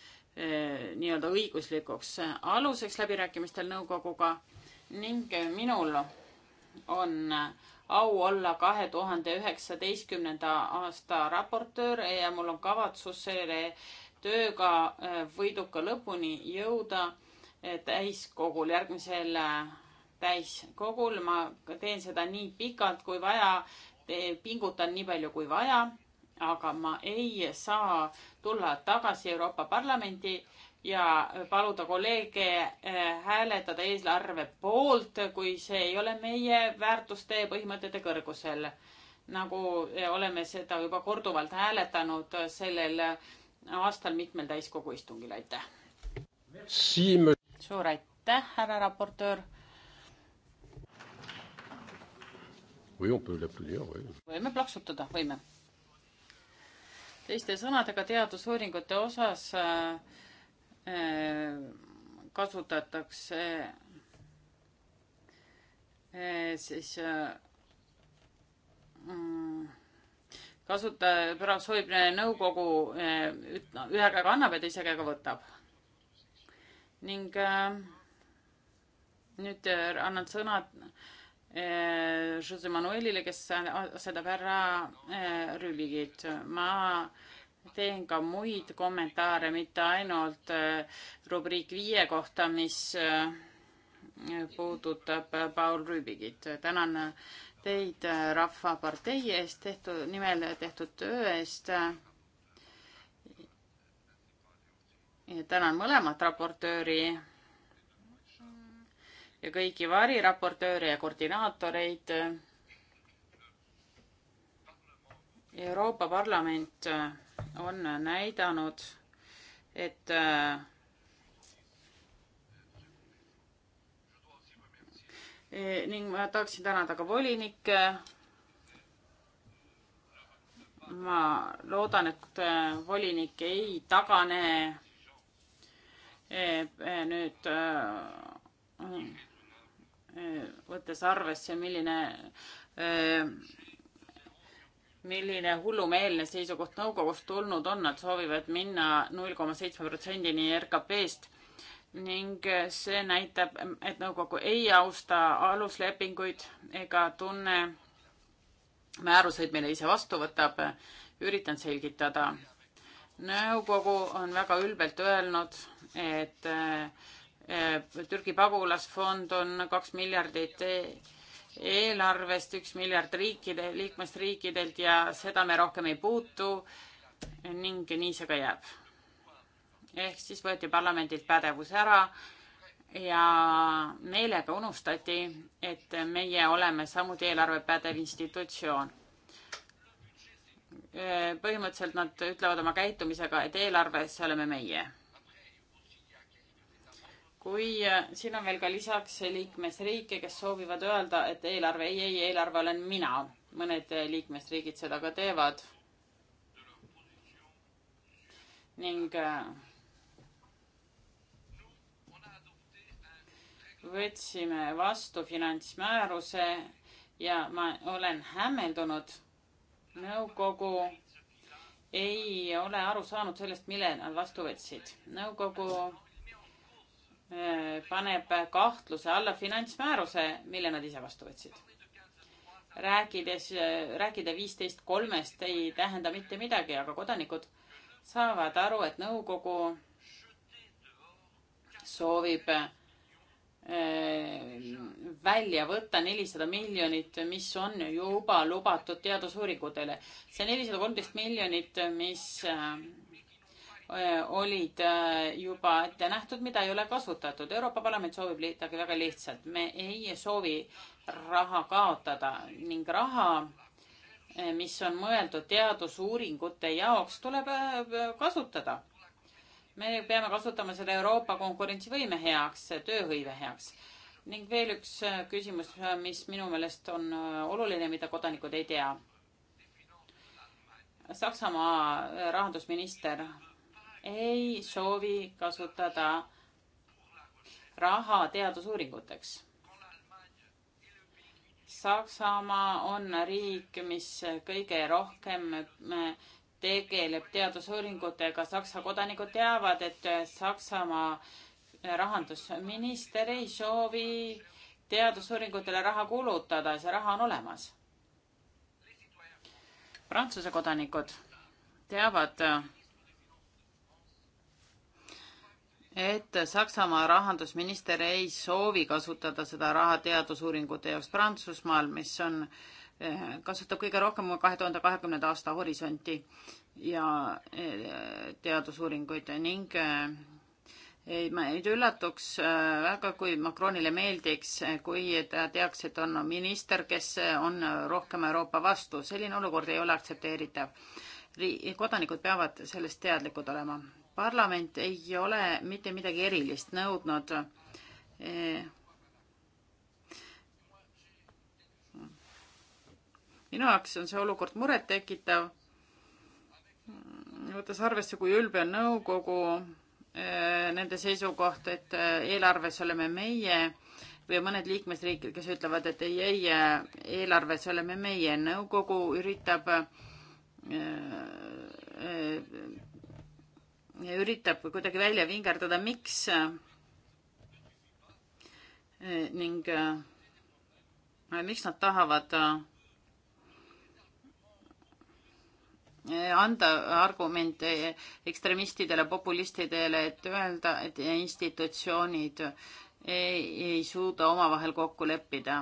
Speaker 1: nii-öelda õiguslikuks aluseks läbirääkimistel nõukoguga ning minul on au olla kahe tuhande üheksateistkümnenda aasta raportöör ja mul on kavatsus selle tööga võiduka lõpuni jõuda täiskogul järgmisel täiskogul, ma teen seda nii pikalt kui vaja, pingutan nii palju kui vaja, aga ma ei saa tulla tagasi Euroopa Parlamenti ja paluda kolleege eh, hääletada eelarve poolt, kui see ei ole meie väärtuste ja põhimõtete kõrgusel. nagu eh, oleme seda juba korduvalt hääletanud sellel aastal mitmel täiskogu istungil, aitäh. suur aitäh, härra raportöör võime plaksutada, võime. teiste sõnadega teadusuuringute osas äh, äh, kasutatakse äh, siis mm, kasutaja pärast soovib nõukogu ühe käega annab ja teise käega võtab. ning nüüd annan sõnad Eh, Jose Manuelile, kes asendab härra Rüüligit. ma teen ka muid kommentaare, mitte ainult eh, rubriik viie kohta, mis eh, puudutab Paul Rüübigit. tänan teid Rahvapartei eest tehtud, nimel tehtud töö eest. tänan mõlemat raportööri ja kõiki variraportööre ja koordinaatoreid. Euroopa Parlament äh, on näidanud, et äh, ning ma tahaksin tänada ka volinikke. ma loodan, et äh, volinik ei tagane nüüd võttes arvesse, milline, äh, milline hullumeelne seisukoht nõukogust tulnud on, nad soovivad minna null koma seitsme protsendini RKP-st ning äh, see näitab, et nõukogu ei austa aluslepinguid ega tunne määruseid, mille ise vastu võtab. üritan selgitada. nõukogu on väga ülbelt öelnud, et äh, Äh, Türgi pagulasfond on kaks miljardit e- eelarvest, üks miljard riikide, liikmesriikidelt ja seda me rohkem ei puutu ning nii see ka jääb. ehk siis võeti parlamendilt pädevus ära ja meelega unustati, et meie oleme samuti eelarvepädev institutsioon. Äh, põhimõtteliselt nad ütlevad oma käitumisega, et eelarves oleme meie kui äh, siin on veel ka lisaks liikmesriike, kes soovivad öelda, et eelarve ei, ei, eelarve olen mina. mõned äh, liikmesriigid seda ka teevad. ning äh, võtsime vastu finantsmääruse ja ma olen hämmeldunud. nõukogu ei ole aru saanud sellest, mille nad vastu võtsid. nõukogu Äh, paneb kahtluse alla finantsmääruse, mille nad ise vastu võtsid. rääkides, äh, rääkida viisteist kolmest ei tähenda mitte midagi, aga kodanikud saavad aru, et nõukogu soovib äh, välja võtta nelisada miljonit, mis on juba lubatud teadusuuringutele. see nelisada kolmteist miljonit, mis Äh, olid äh, juba ette nähtud, mida ei ole kasutatud. Euroopa Parlament soovib midagi väga lihtsalt. me ei soovi raha kaotada ning raha, äh, mis on mõeldud teadusuuringute jaoks, tuleb kasutada. me peame kasutama seda Euroopa konkurentsivõime heaks, tööhõive heaks. ning veel üks küsimus, mis minu meelest on oluline, mida kodanikud ei tea. Saksamaa rahandusminister ei soovi kasutada raha teadusuuringuteks. Saksamaa on riik, mis kõige rohkem äh, tegeleb teadusuuringutega. Saksa kodanikud teavad, et Saksamaa rahandusminister ei soovi teadusuuringutele raha kulutada, see raha on olemas. Prantsuse kodanikud teavad et Saksamaa rahandusminister ei soovi kasutada seda raha teadusuuringute jaoks Prantsusmaal, mis on, eh, kasutab kõige rohkem kahe tuhande kahekümnenda aasta horisonti ja eh, teadusuuringuid ning eh, ei, ma ei üllatuks väga, kui Macronile meeldiks, kui ta teaks, et on minister, kes on rohkem Euroopa vastu. selline olukord ei ole aktsepteeritav. kodanikud peavad sellest teadlikud olema parlament ei ole mitte midagi erilist nõudnud. minu jaoks on see olukord murettekitav. võttes arvesse, kui ülbe on nõukogu, eh, nende seisukoht, et eh, eelarves oleme meie või mõned liikmesriigid, kes ütlevad, et ei, ei, eh, eelarves oleme meie, nõukogu üritab üritab kuidagi välja vingerdada, miks eh, ning eh, eh, miks nad tahavad anda argumente ekstremistidele, populistidele, et öelda, et institutsioonid ei, ei suuda omavahel kokku leppida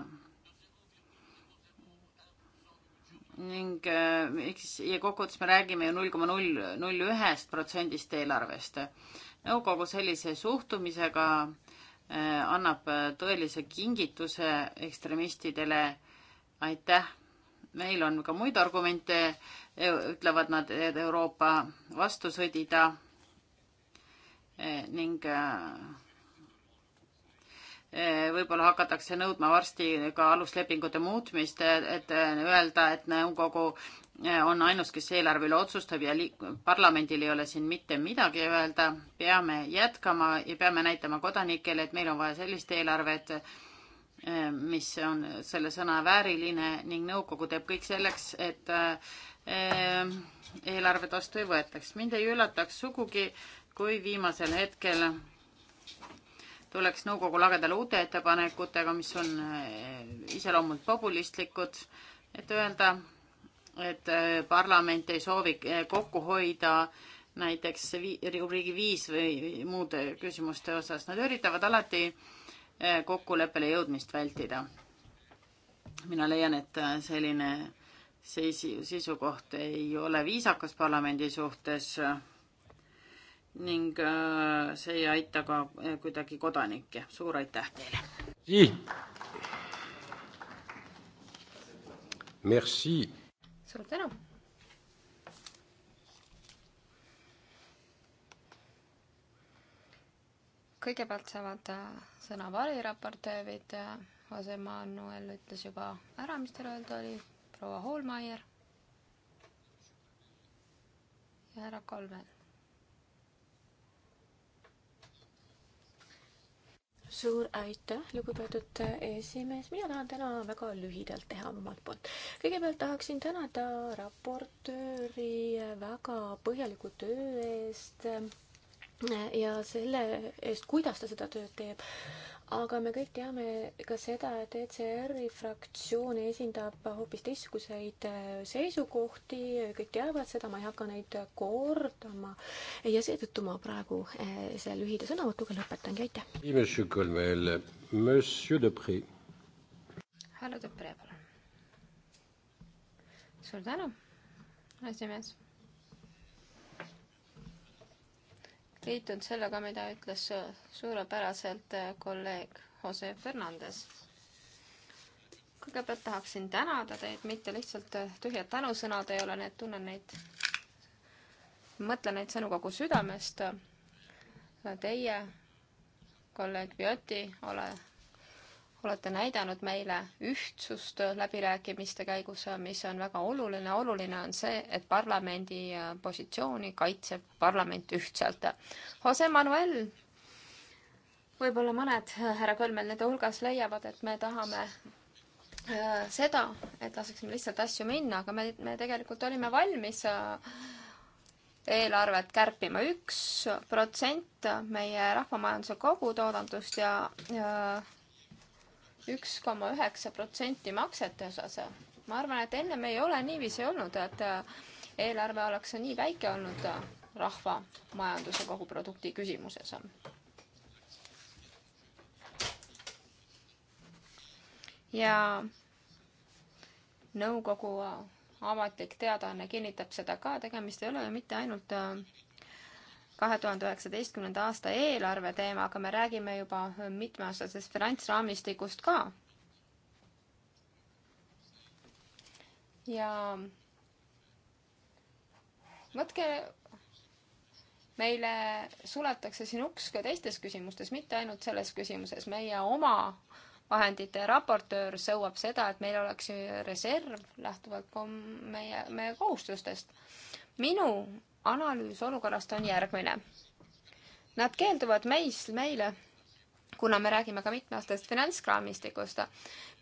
Speaker 1: ning äh, eks ja kokkuvõttes me räägime ju null koma null null ühest protsendist eelarvest. nõukogu sellise suhtumisega äh, annab äh, tõelise kingituse ekstremistidele. aitäh, meil on ka muid argumente, e, ütlevad nad, et Euroopa vastu sõdida ning võib-olla hakatakse nõudma varsti ka aluslepingute muutmist, et öelda, et nõukogu on ainus, kes eelarve üle otsustab ja parlamendil ei ole siin mitte midagi öelda. peame jätkama ja peame näitama kodanikele, et meil on vaja sellist eelarvet, mis on selle sõna vääriline ning nõukogu teeb kõik selleks, et eh, eelarvet vastu ei võetaks. mind ei üllataks sugugi, kui viimasel hetkel tuleks nõukogu lagedale uute ettepanekutega, mis on eh, iseloomult populistlikud, et öelda, et eh, parlament ei soovi eh, kokku hoida näiteks rubriigi viis või muude küsimuste osas, nad üritavad alati kokkuleppele jõudmist vältida. mina leian, et selline seisukoht ei ole viisakas parlamendi suhtes ning äh, see ei aita ka äh, kuidagi kodanikke. suur aitäh teile!
Speaker 2: Merci! suur tänu! kõigepealt saavad äh, sõna variraportöörid, Jose Manuel ütles juba ära, mis tal öelda oli, proua Hoolmeier ja härra Kolmel
Speaker 3: suur aitäh, lugupeetud äh, esimees, mina tahan täna väga lühidalt teha omalt poolt. kõigepealt tahaksin tänada raportööri väga põhjaliku töö eest äh, ja selle eest, kuidas ta seda tööd teeb aga me kõik teame ka seda, et ECR-i fraktsioon esindab hoopis teistsuguseid äh, seisukohti, kõik teavad seda, ma ei hakka neid kordama. ja seetõttu ma praegu äh, selle lühida sõnavõtuga lõpetangi,
Speaker 1: aitäh.
Speaker 2: härra Depree, palun. suur tänu, esimees liitun sellega, mida ütles äh, suurepäraselt äh, kolleeg Jose Fernandes. kõigepealt tahaksin tänada teid, mitte lihtsalt äh, tühjad tänusõnad ei ole, need tunnen neid, mõtlen neid sõnu kogu südamest. Teie, kolleeg Vioti, ole, olete näidanud meile ühtsust läbirääkimiste käigus, mis on väga oluline. oluline on see, et parlamendi positsiooni kaitseb parlament ühtselt. Jose Manuel, võib-olla mõned härra Kõlmel nende hulgas leiavad, et me tahame äh, seda, et laseksime lihtsalt asju minna, aga me, me tegelikult olime valmis äh, eelarvet kärpima üks protsent meie rahvamajanduse kogutoodangust ja, ja üks koma üheksa protsenti maksete osas. ma arvan, et ennem ei ole niiviisi olnud, et äh, eelarve oleks nii väike olnud äh, rahvamajanduse koguprodukti küsimuses. ja nõukogu äh, ametlik teadaanne kinnitab seda ka, tegemist ei ole ju mitte ainult äh, kahe tuhande üheksateistkümnenda aasta eelarve teema, aga me räägime juba mitmeaastasest finantsraamistikust ka. ja mõtke, meile suletakse siin uks ka teistes küsimustes, mitte ainult selles küsimuses, meie oma vahendite raportöör sõuab seda, et meil oleks reserv lähtuvalt kom-, meie, meie kohustustest. minu analüüs olukorrast on järgmine. Nad keelduvad meis, meile, kuna me räägime ka mitmeaastasest finantsraamistikust,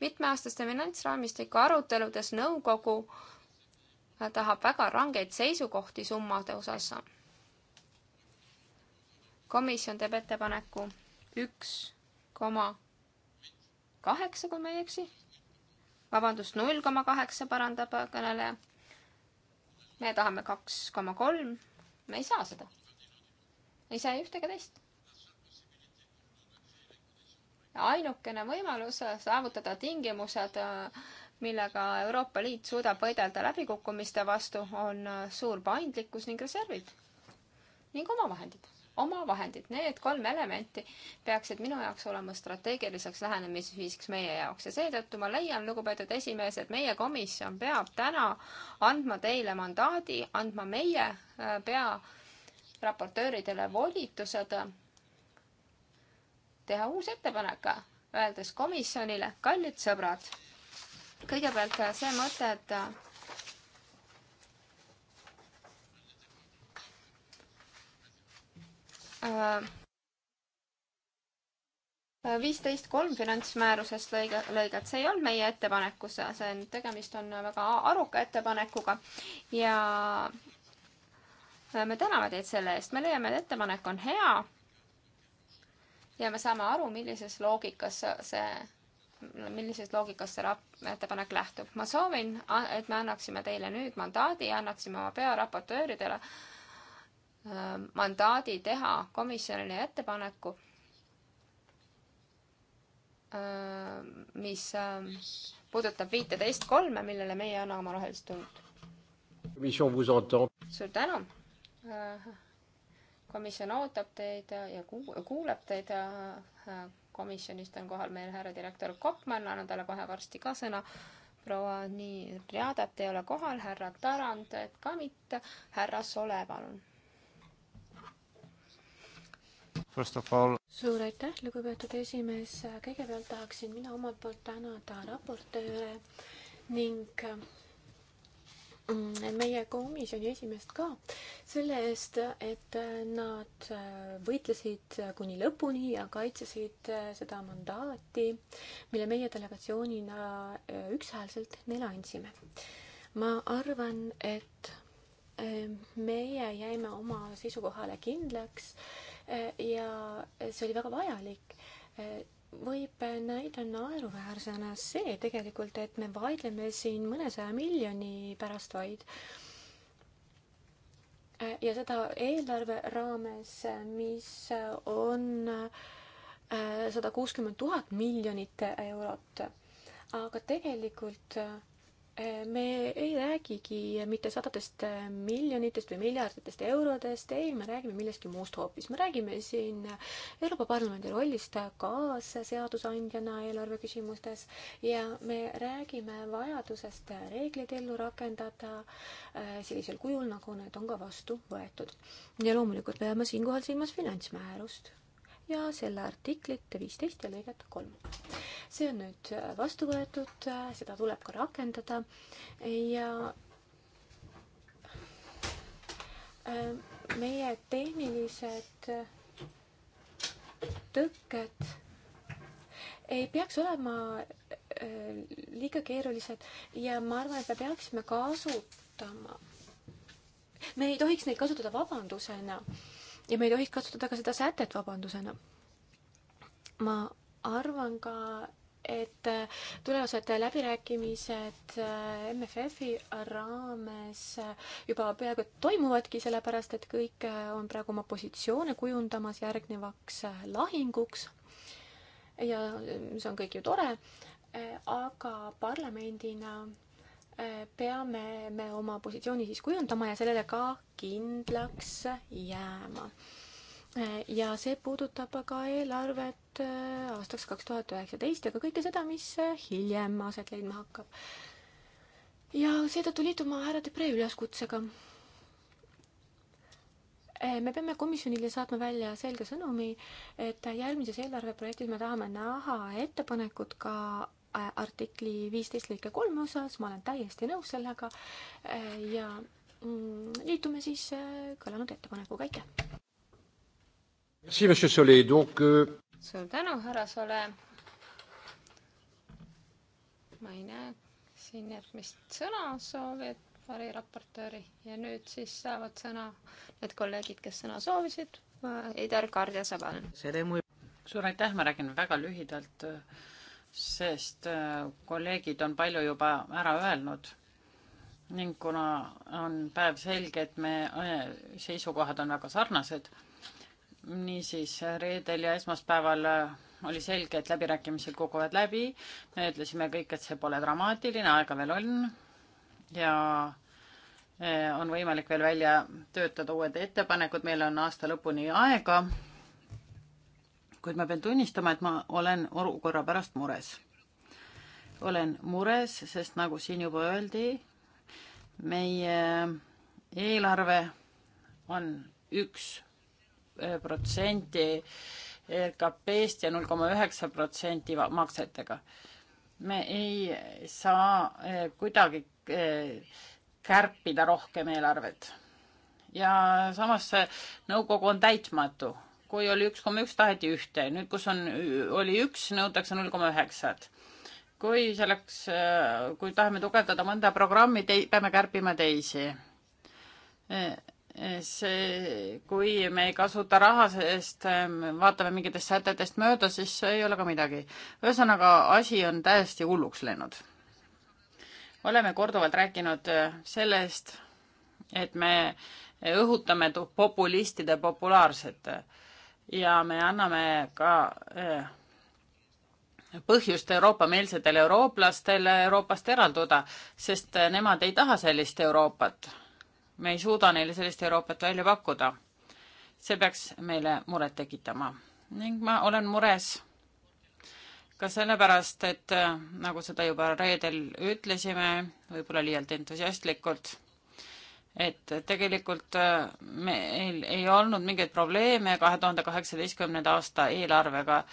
Speaker 2: mitmeaastaste finantsraamistiku aruteludes nõukogu tahab väga rangeid seisukohti summade osas. komisjon teeb ettepaneku üks koma kaheksa, kui ma ei eksi. vabandust, null koma kaheksa parandab kõneleja me tahame kaks koma kolm, me ei saa seda. ei saa ei üht ega teist. ainukene võimalus saavutada tingimused, millega Euroopa Liit suudab võidelda läbikukkumiste vastu, on suur paindlikkus ning reservid ning omavahendid omavahendid, need kolm elementi peaksid minu jaoks olema strateegiliseks lähenemisviisiks meie jaoks ja seetõttu ma leian, lugupeetud esimees, et meie komisjon peab täna andma teile mandaadi, andma meie äh, pearaportööridele volitused teha uus ettepanek, öeldes komisjonile, kallid sõbrad, kõigepealt see mõte, et Äh, äh, viisteist kolm finantsmäärusest lõige, lõiget, see ei olnud meie ettepanekus, see on, tegemist on väga aruka ettepanekuga ja äh, me täname teid selle eest, me leiame, et ettepanek on hea. ja me saame aru, millises loogikas see, millisest loogikast see rap-, ettepanek lähtub. ma soovin, et me annaksime teile nüüd mandaadi ja annaksime oma pearaportööridele äh, Äh, mandaadi teha komisjonile ettepaneku, äh, mis äh, puudutab viiteist kolme, millele meie anname oma rohelist tuld. suur tänu! komisjon ootab teid ja kuuleb teid. komisjonist on kohal meil härra direktor Koppmann, annan talle kohe varsti ka sõna. proua nii, Riadat ei ole kohal, härra Tarand ka mitte, härra Sole, palun First of all. suur aitäh,
Speaker 3: lugupeetud esimees, kõigepealt tahaksin mina omalt poolt tänada raportööre ning mm, meie komisjoni esimeest ka selle eest, et nad võitlesid kuni lõpuni ja kaitsesid seda mandaati, mille meie delegatsioonina ükshäälselt neile andsime. ma arvan, et eh, meie jäime oma seisukohale kindlaks ja see oli väga vajalik võib näida naeruväärsena see tegelikult, et me vaidleme siin mõnesaja miljoni pärast vaid. ja seda eelarve raames, mis on äh, sada kuuskümmend tuhat miljonit eurot. aga tegelikult äh, me ei räägigi mitte sadadest miljonitest või miljarditest eurodest, ei, me räägime millestki muust hoopis. me räägime siin Euroopa Parlamendi rollist kaasseadusandjana eelarve küsimustes ja me räägime vajadusest reegleid ellu rakendada äh, sellisel kujul, nagu need on ka vastu võetud. ja loomulikult peame siinkohal silmas finantsmäärust ja selle artiklit viisteist ja lõiget kolm. see on nüüd äh, vastu võetud, äh, seda tuleb ka rakendada ja äh, meie tehnilised tõkked ei peaks olema liiga keerulised ja ma arvan, et me peaksime kasutama, me ei tohiks neid kasutada vabandusena äh, ja me ei tohiks kasutada ka seda sätet vabandusena. ma arvan ka, et äh, tulevased läbirääkimised äh, MFF-i raames äh, juba peaaegu toimuvadki, sellepärast et kõik on praegu oma positsioone kujundamas järgnevaks lahinguks. ja see on kõik ju tore, aga parlamendina peame me oma positsiooni siis kujundama ja sellele ka kindlaks jääma. ja see puudutab ka eelarvet äh, aastaks kaks tuhat üheksateist ja ka kõike seda, mis äh, hiljem aset leidma hakkab. ja seetõttu liitun ma härra Debre üleskutsega äh, me peame komisjonile saatma välja selge sõnumi, et järgmises eelarveprojektis me tahame näha ettepanekut ka Äh, artikli viisteist lõike kolme osas, ma olen täiesti nõus sellega äh, ja mm, liitume siis äh,
Speaker 2: kõlanud ettepanekuga, aitäh!
Speaker 3: Euh,
Speaker 2: suur tänu, härra Sole! ma ei näe siin järgmist sõnasoovijat variraportööri ja nüüd siis saavad sõna need kolleegid, kes sõna soovisid. Eider Kardja, sa palun.
Speaker 1: suur aitäh, ma räägin väga lühidalt äh, sest äh, kolleegid on palju juba ära öelnud ning kuna on päevselge, et me äh, seisukohad on väga sarnased, niisiis reedel ja esmaspäeval äh, oli selge, et läbirääkimised kukuvad läbi. me ütlesime kõik, et see pole dramaatiline, aega veel on ja on võimalik veel välja töötada uued ettepanekud, meil on aasta lõpuni aega kuid ma pean tunnistama, et ma olen olukorra pärast mures. olen mures, sest nagu siin juba öeldi, meie eelarve on üks eh, protsenti RKP-st ja null koma üheksa protsenti maksetega. me ei saa eh, kuidagi eh, kärpida rohkem eelarvet. ja samas see nõukogu on täitmatu kui oli üks koma üks, taheti ühte, nüüd kus on, oli üks, nõutakse null koma üheksat. kui selleks, kui tahame tugevdada mõnda programmi, tei-, peame kärpima teisi. see, kui me ei kasuta raha, sest ähm, vaatame mingitest sätetest mööda, siis ei ole ka midagi. ühesõnaga, asi on täiesti hulluks läinud. oleme korduvalt rääkinud äh, sellest, et me õhutame populistide populaarset äh, ja me anname ka eh, põhjust Euroopa-meelsetele eurooplastele Euroopast eralduda, sest eh, nemad ei taha sellist Euroopat. me ei suuda neile sellist Euroopat välja pakkuda. see peaks meile muret tekitama ning ma olen mures ka sellepärast, et eh, nagu seda juba reedel ütlesime, võib-olla liialt entusiastlikult et tegelikult äh, meil ei olnud mingeid probleeme kahe tuhande kaheksateistkümnenda aasta eelarvega.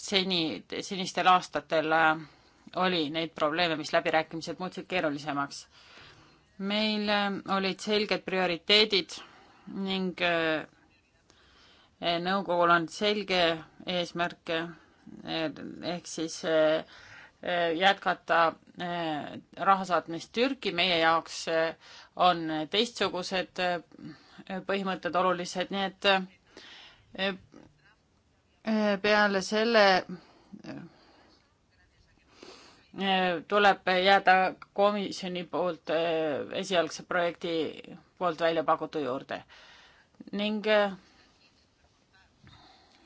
Speaker 1: seni, senistel aastatel äh, oli neid probleeme, mis läbirääkimised muutsid keerulisemaks. meil äh, olid selged prioriteedid ning nõukogul on selge eesmärk ehk siis eh, jätkata eh, raha saatmist Türki, meie jaoks eh, on teistsugused eh, põhimõtted olulised, nii et peale selle tuleb jääda komisjoni poolt esialgse projekti poolt välja pakutu juurde ning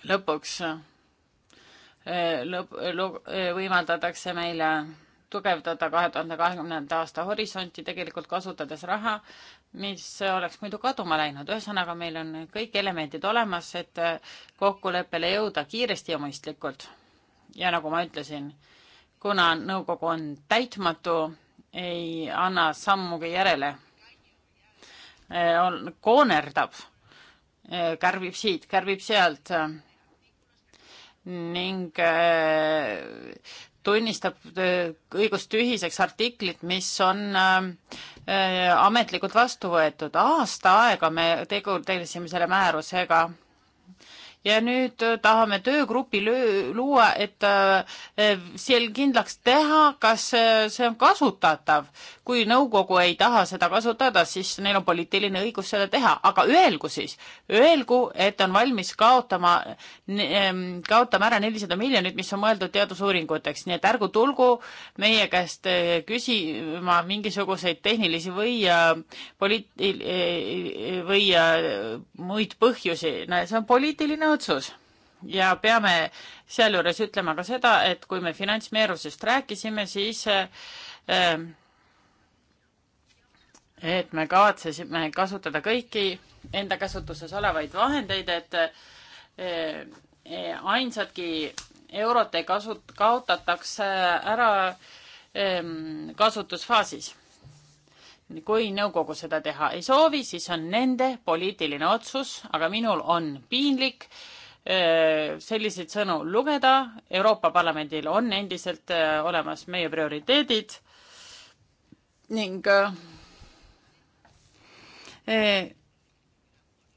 Speaker 1: lõpuks Äh, lõp-, äh, äh, võimaldatakse meile tugevdada kahe tuhande kahekümnenda aasta horisonti, tegelikult kasutades raha, mis oleks muidu kaduma läinud. ühesõnaga, meil on kõik elemendid olemas, et kokkuleppele jõuda kiiresti ja mõistlikult. ja nagu ma ütlesin, kuna nõukogu on täitmatu, ei anna sammugi järele, on, koonerdab, kärbib siit, kärbib sealt ning äh, tunnistab äh, õigust tühiseks artiklit, mis on äh, ametlikult vastu võetud. aasta aega me tegelesime selle määrusega ja nüüd äh, tahame töögrupi luua, et äh, äh, seal kindlaks teha, kas see on kasutatav. kui nõukogu ei taha seda kasutada, siis neil on poliitiline õigus seda teha, aga öelgu siis, öelgu, et on valmis kaotama, ähm, kaotama ära nelisada miljonit, mis on mõeldud teadusuuringuteks, nii et ärgu tulgu meie käest küsima mingisuguseid tehnilisi või poliit- või muid põhjusi, see on poliitiline otsus ja peame sealjuures ütlema ka seda, et kui me finantsmeerusest rääkisime, siis eh, et me kavatsesime kasutada kõiki enda käsutuses olevaid vahendeid, et eh, ainsatki eurot ei kasut-, kaotatakse ära ehm, kasutusfaasis kui nõukogu seda teha ei soovi, siis on nende poliitiline otsus, aga minul on piinlik selliseid sõnu lugeda. Euroopa Parlamendil on endiselt olemas meie prioriteedid ning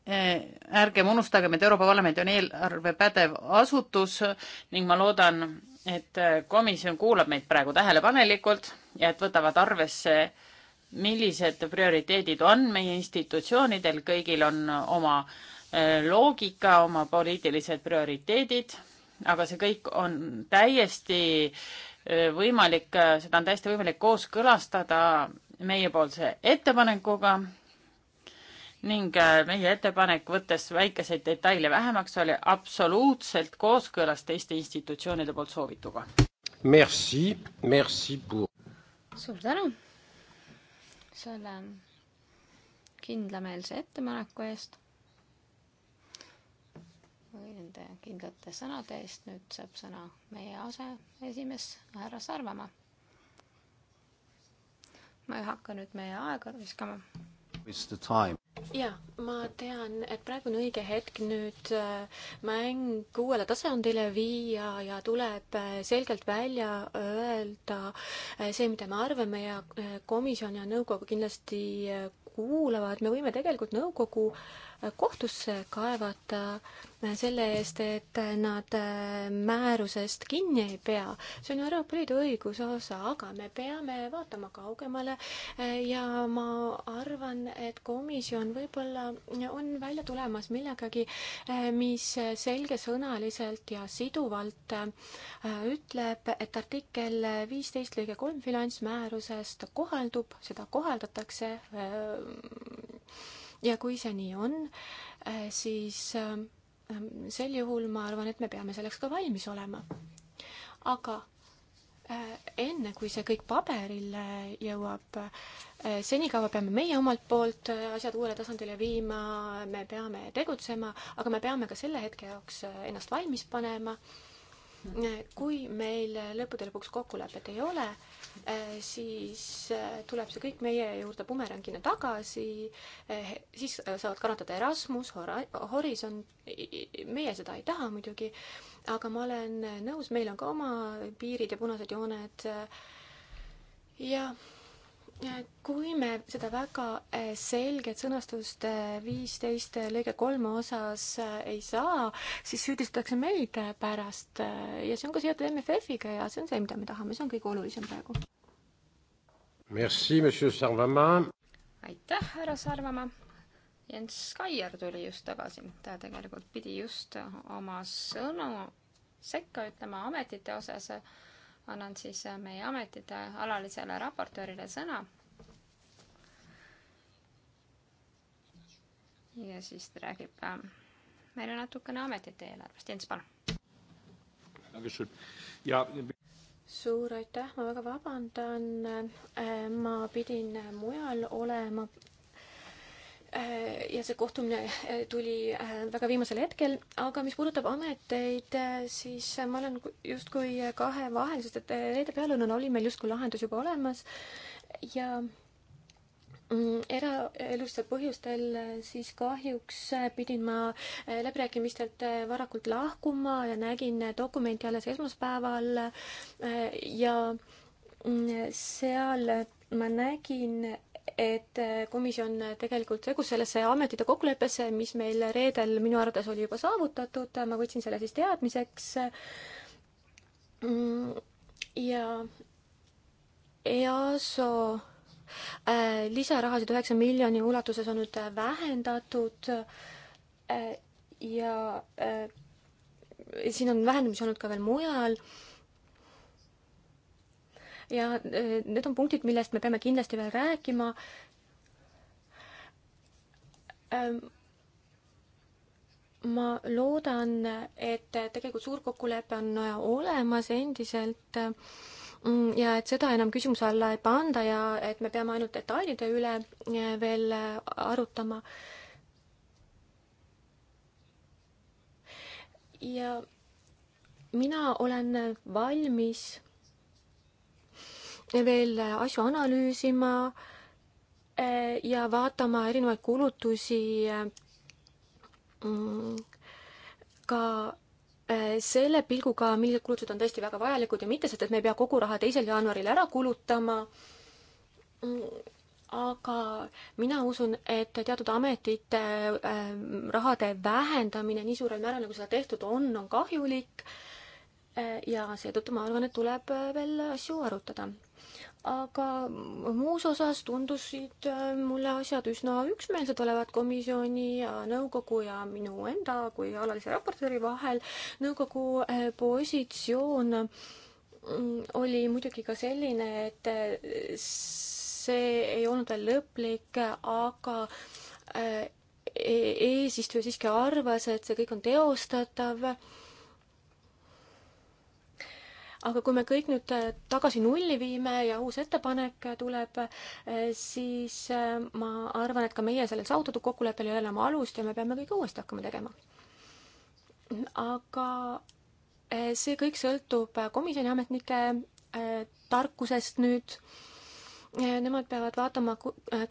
Speaker 1: ärgem unustagem, et Euroopa Parlament on eelarvepädev asutus ning ma loodan, et komisjon kuulab meid praegu tähelepanelikult ja et võtavad arvesse äh, millised prioriteedid on meie institutsioonidel, kõigil on oma äh, loogika, oma poliitilised prioriteedid, aga see kõik on täiesti äh, võimalik, äh, seda on täiesti võimalik kooskõlastada meiepoolse ettepanekuga ning meie ettepanek, võttes väikeseid detaile vähemaks, oli absoluutselt kooskõlas teiste institutsioonide poolt soovituga. Merci, merci pour. suur tänu
Speaker 2: selle kindlameelse ettepaneku eest või nende kindlate sõnade eest. nüüd saab sõna meie aseesimees härra Sarvamaa. ma ei hakka nüüd meie aega viskama jaa, ma
Speaker 3: tean, et praegu on õige hetk nüüd äh, mäng uuele tasandile viia ja tuleb äh, selgelt välja öelda äh, see, mida me arvame ja komisjon ja nõukogu kindlasti kuulavad, me võime tegelikult nõukogu kohtusse kaevata selle eest, et nad määrusest kinni ei pea. see on Euroopa Liidu õiguse osa, aga me peame vaatama kaugemale ja ma arvan, et komisjon arvan, võib-olla on välja tulemas millegagi, eh, mis selgesõnaliselt ja siduvalt eh, ütleb, et artikkel viisteist lõige kolm finantsmäärusest kohaldub, seda kohaldatakse. Eh, ja kui see nii on, siis sel juhul ma arvan, et me peame selleks ka valmis olema. aga Äh, enne, kui see kõik paberile jõuab, äh, senikaua peame meie omalt poolt äh, asjad uuele tasandile viima, me peame tegutsema, aga me peame ka selle hetke jaoks ennast valmis panema kui meil lõppude lõpuks kokkulepet ei ole, eh, siis eh, tuleb see kõik meie juurde bumerangina tagasi, eh, siis saavad kannatada Erasmus, Horisont, meie seda ei taha muidugi, aga ma olen nõus, meil on ka oma piirid ja punased jooned ja kui me seda väga eh, selget sõnastust eh, viisteist eh, lõige kolme osas ei saa, siis süüdistatakse meid pärast ja see on ka seotud MFF-iga ja see on see, mida me tahame, see on kõige olulisem praegu.
Speaker 1: Merci, monsieur Sarvamaa.
Speaker 2: aitäh, härra Sarvamaa. Jens Kaier tuli just tagasi, ta tegelikult pidi just oma sõnu sekka ütlema ametite osas annan siis äh, meie ametite alalisele raportöörile sõna. ja siis ta räägib äh, meile natukene ametite eelarvest. Jens, palun suur aitäh, ma väga vabandan. Äh,
Speaker 3: ma pidin mujal olema Äh, ja see kohtumine äh, tuli äh, väga viimasel hetkel, aga mis puudutab ameteid, siis ma olen justkui kahe vahel, sest et reede pealõunal oli meil justkui lahendus juba olemas ja mm, eraelustel põhjustel siis kahjuks pidin ma läbirääkimistelt varakult lahkuma ja nägin dokumenti alles esmaspäeval ja mm, seal ma nägin, et äh, komisjon tegelikult segus sellesse ametite kokkuleppesse, mis meil reedel minu arvates oli juba saavutatud, ma võtsin selle siis teadmiseks. Mm, ja EASO äh, lisarahasid üheksa miljoni ulatuses on nüüd vähendatud äh, ja siin on vähendamisi olnud ka veel mujal ja äh, need on punktid, millest me peame kindlasti veel rääkima ähm ma loodan, et tegelikult suurkokkulepe on olemas endiselt mm, ja et seda enam küsimuse alla ei panda ja et me peame ainult detailide üle äh, veel arutama. ja mina olen valmis veel äh, asju analüüsima äh, ja vaatama erinevaid kulutusi äh, mm, ka selle pilguga, millised kulutused on tõesti väga vajalikud ja mitte, sest et me ei pea kogu raha teisel jaanuaril ära kulutama. Mm, aga mina usun, et teatud ametite rahade vähendamine nii suurel määral, nagu seda tehtud on, on kahjulik. ja seetõttu ma arvan, et tuleb veel asju arutada aga muus osas tundusid äh, mulle asjad üsna üksmeelsed olevat komisjoni ja nõukogu ja minu enda kui alalise raportööri vahel. nõukogu äh, positsioon mm, oli muidugi ka selline, et äh, see ei olnud veel lõplik, aga e-, eesistuja siiski arvas, et see kõik on teostatav aga kui me kõik nüüd äh, tagasi nulli viime ja uus ettepanek äh, tuleb, äh, siis ma arvan, et ka meie sellel saavutatud kokkuleppel ei ole enam alust ja me peame kõike uuesti hakkama tegema. aga see kõik sõltub komisjoni ametnike tarkusest nüüd nemad peavad vaatama,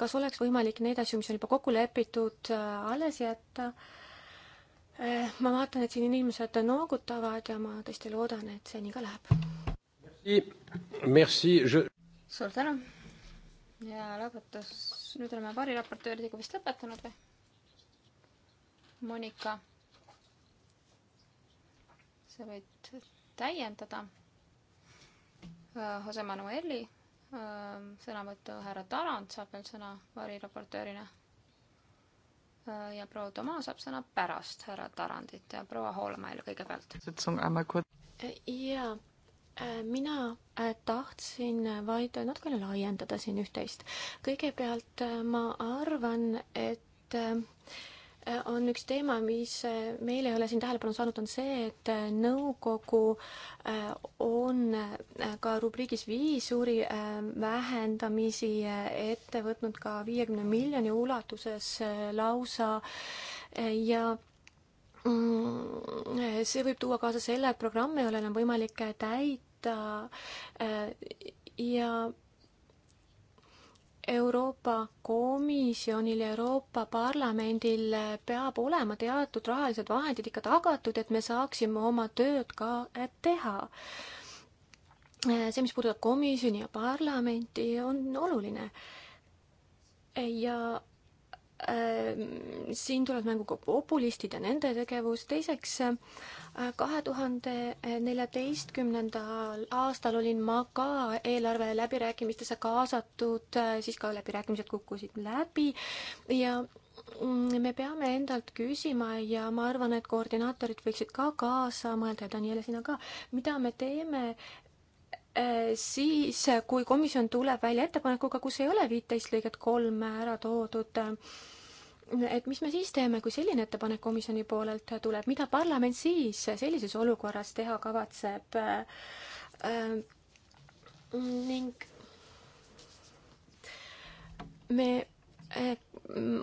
Speaker 3: kas oleks võimalik neid asju, mis on juba kokku lepitud, alles jätta Eh, ma vaatan, et siin inimesed noogutavad ja ma tõesti loodan,
Speaker 2: et see nii ka läheb.
Speaker 1: Merci Je....
Speaker 2: suur tänu. ja lõpetus, nüüd oleme variraportööridega vist lõpetanud või? Monika, sa võid täiendada äh, Jose Manueli äh, sõnavõttu, härra Tarand saab veel sõna variraportöörina ja proua Toma saab sõna pärast härra Tarandit ja proua Hoolmail kõigepealt.
Speaker 3: jaa, äh, mina äh, tahtsin vaid natukene laiendada siin üht-teist. kõigepealt äh, ma arvan, et on üks teema, mis äh, meil ei ole siin tähelepanu saanud, on see, et äh, nõukogu äh, on ka rubriigis viis suuri vähendamisi ette võtnud ka viiekümne miljoni ulatuses lausa ja mm, see võib tuua kaasa selle, et programme ei ole enam võimalik täita ja Euroopa Komisjonil ja Euroopa Parlamendil peab olema teatud rahalised vahendid ikka tagatud, et me saaksime oma tööd ka eh, teha. see, mis puudutab komisjoni ja parlamenti, on oluline. ja Äh, siin tulevad mängu ka populistid ja nende tegevus, teiseks äh, kahe tuhande neljateistkümnendal aastal olin ma ka eelarve läbirääkimistesse kaasatud, äh, siis ka läbirääkimised kukkusid läbi ja mm, me peame endalt küsima ja ma arvan, et koordinaatorid võiksid ka kaasa mõelda ja Daniele, sina ka, mida me teeme Äh, siis, äh, kui komisjon tuleb välja ettepanekuga, kus ei ole viiteist lõiget kolm ära toodud, äh, et mis me siis teeme, kui selline ettepanek komisjoni poolelt tuleb, mida parlament siis sellises olukorras teha kavatseb? ning me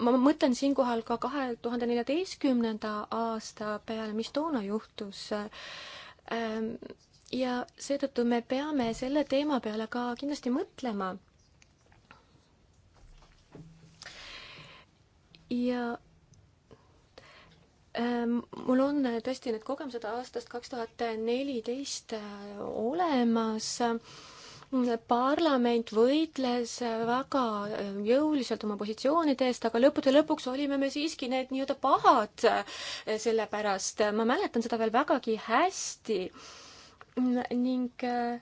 Speaker 3: ma mõtlen siinkohal ka kahe tuhande neljateistkümnenda aasta peale, mis toona juhtus ja seetõttu me peame selle teema peale ka kindlasti mõtlema. ja ähm, mul on tõesti need kogemused aastast kaks tuhat neliteist äh, olemas. parlament võitles väga äh, jõuliselt oma positsioonide eest, aga lõppude lõpuks olime me siiski need nii-öelda pahad äh, selle pärast. ma mäletan seda veel vägagi hästi ning äh,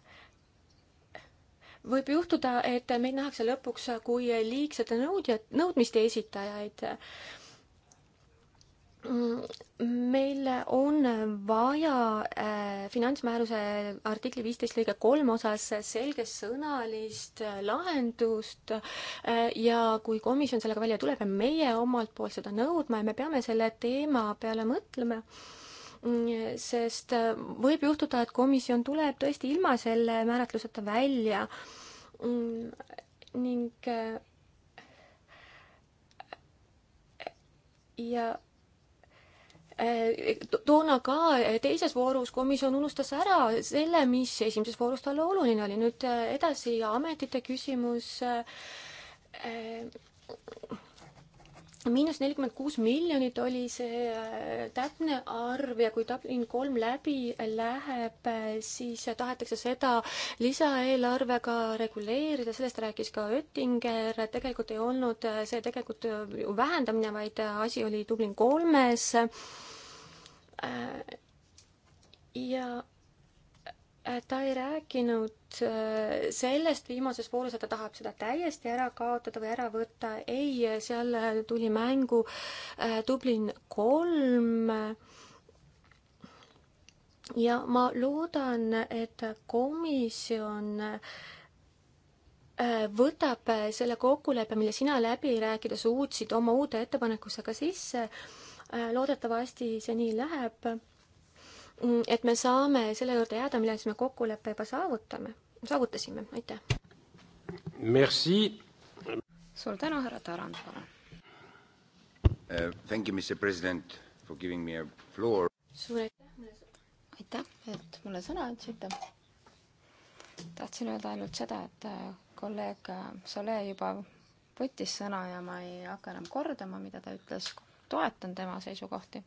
Speaker 3: võib juhtuda, et meid nähakse lõpuks kui liigsete nõudjad, nõudmiste esitajaid. meil on vaja äh, finantsmääruse artikli viisteist lõige kolm osas selgesõnalist äh, lahendust ja kui komisjon sellega välja tuleb ja meie omalt poolt seda nõudma ja me peame selle teema peale mõtlema sest äh, võib juhtuda, et komisjon tuleb tõesti ilma selle määratluseta välja mm, ning äh, ja äh, toona ka teises voorus komisjon unustas ära selle, mis esimeses voorus talle oluline oli. nüüd edasi ametite küsimus miinus nelikümmend kuus miljonit oli see äh, täpne arv ja kui Dublin kolm läbi läheb, äh, siis tahetakse seda lisaeelarvega reguleerida, sellest rääkis ka Oettinger, tegelikult ei olnud äh, see tegelikult vähendamine, vaid asi oli Dublin kolmes. ja ta ei rääkinud Äh, sellest viimases voorus, et ta tahab seda täiesti ära kaotada või ära võtta, ei, seal tuli mängu äh, Dublin kolm. ja ma loodan, et komisjon äh, võtab selle kokkuleppe, mille sina läbi rääkida suutsid oma uude ettepanekusse ka sisse. loodetavasti see nii läheb Mm, et me saame selle juurde jääda,
Speaker 2: milles me kokkuleppe juba saavutame, saavutasime, aitäh.
Speaker 3: Merci.
Speaker 2: suur tänu, härra Tarand, palun
Speaker 3: uh,. Thank you, Mr
Speaker 1: President, for giving me a floor.
Speaker 2: suur aitäh, aitäh, et mulle sõna andsite. tahtsin öelda ainult seda, et äh, kolleeg äh, Sole juba võttis sõna ja ma ei hakka enam kordama, mida ta ütles, toetan tema seisukohti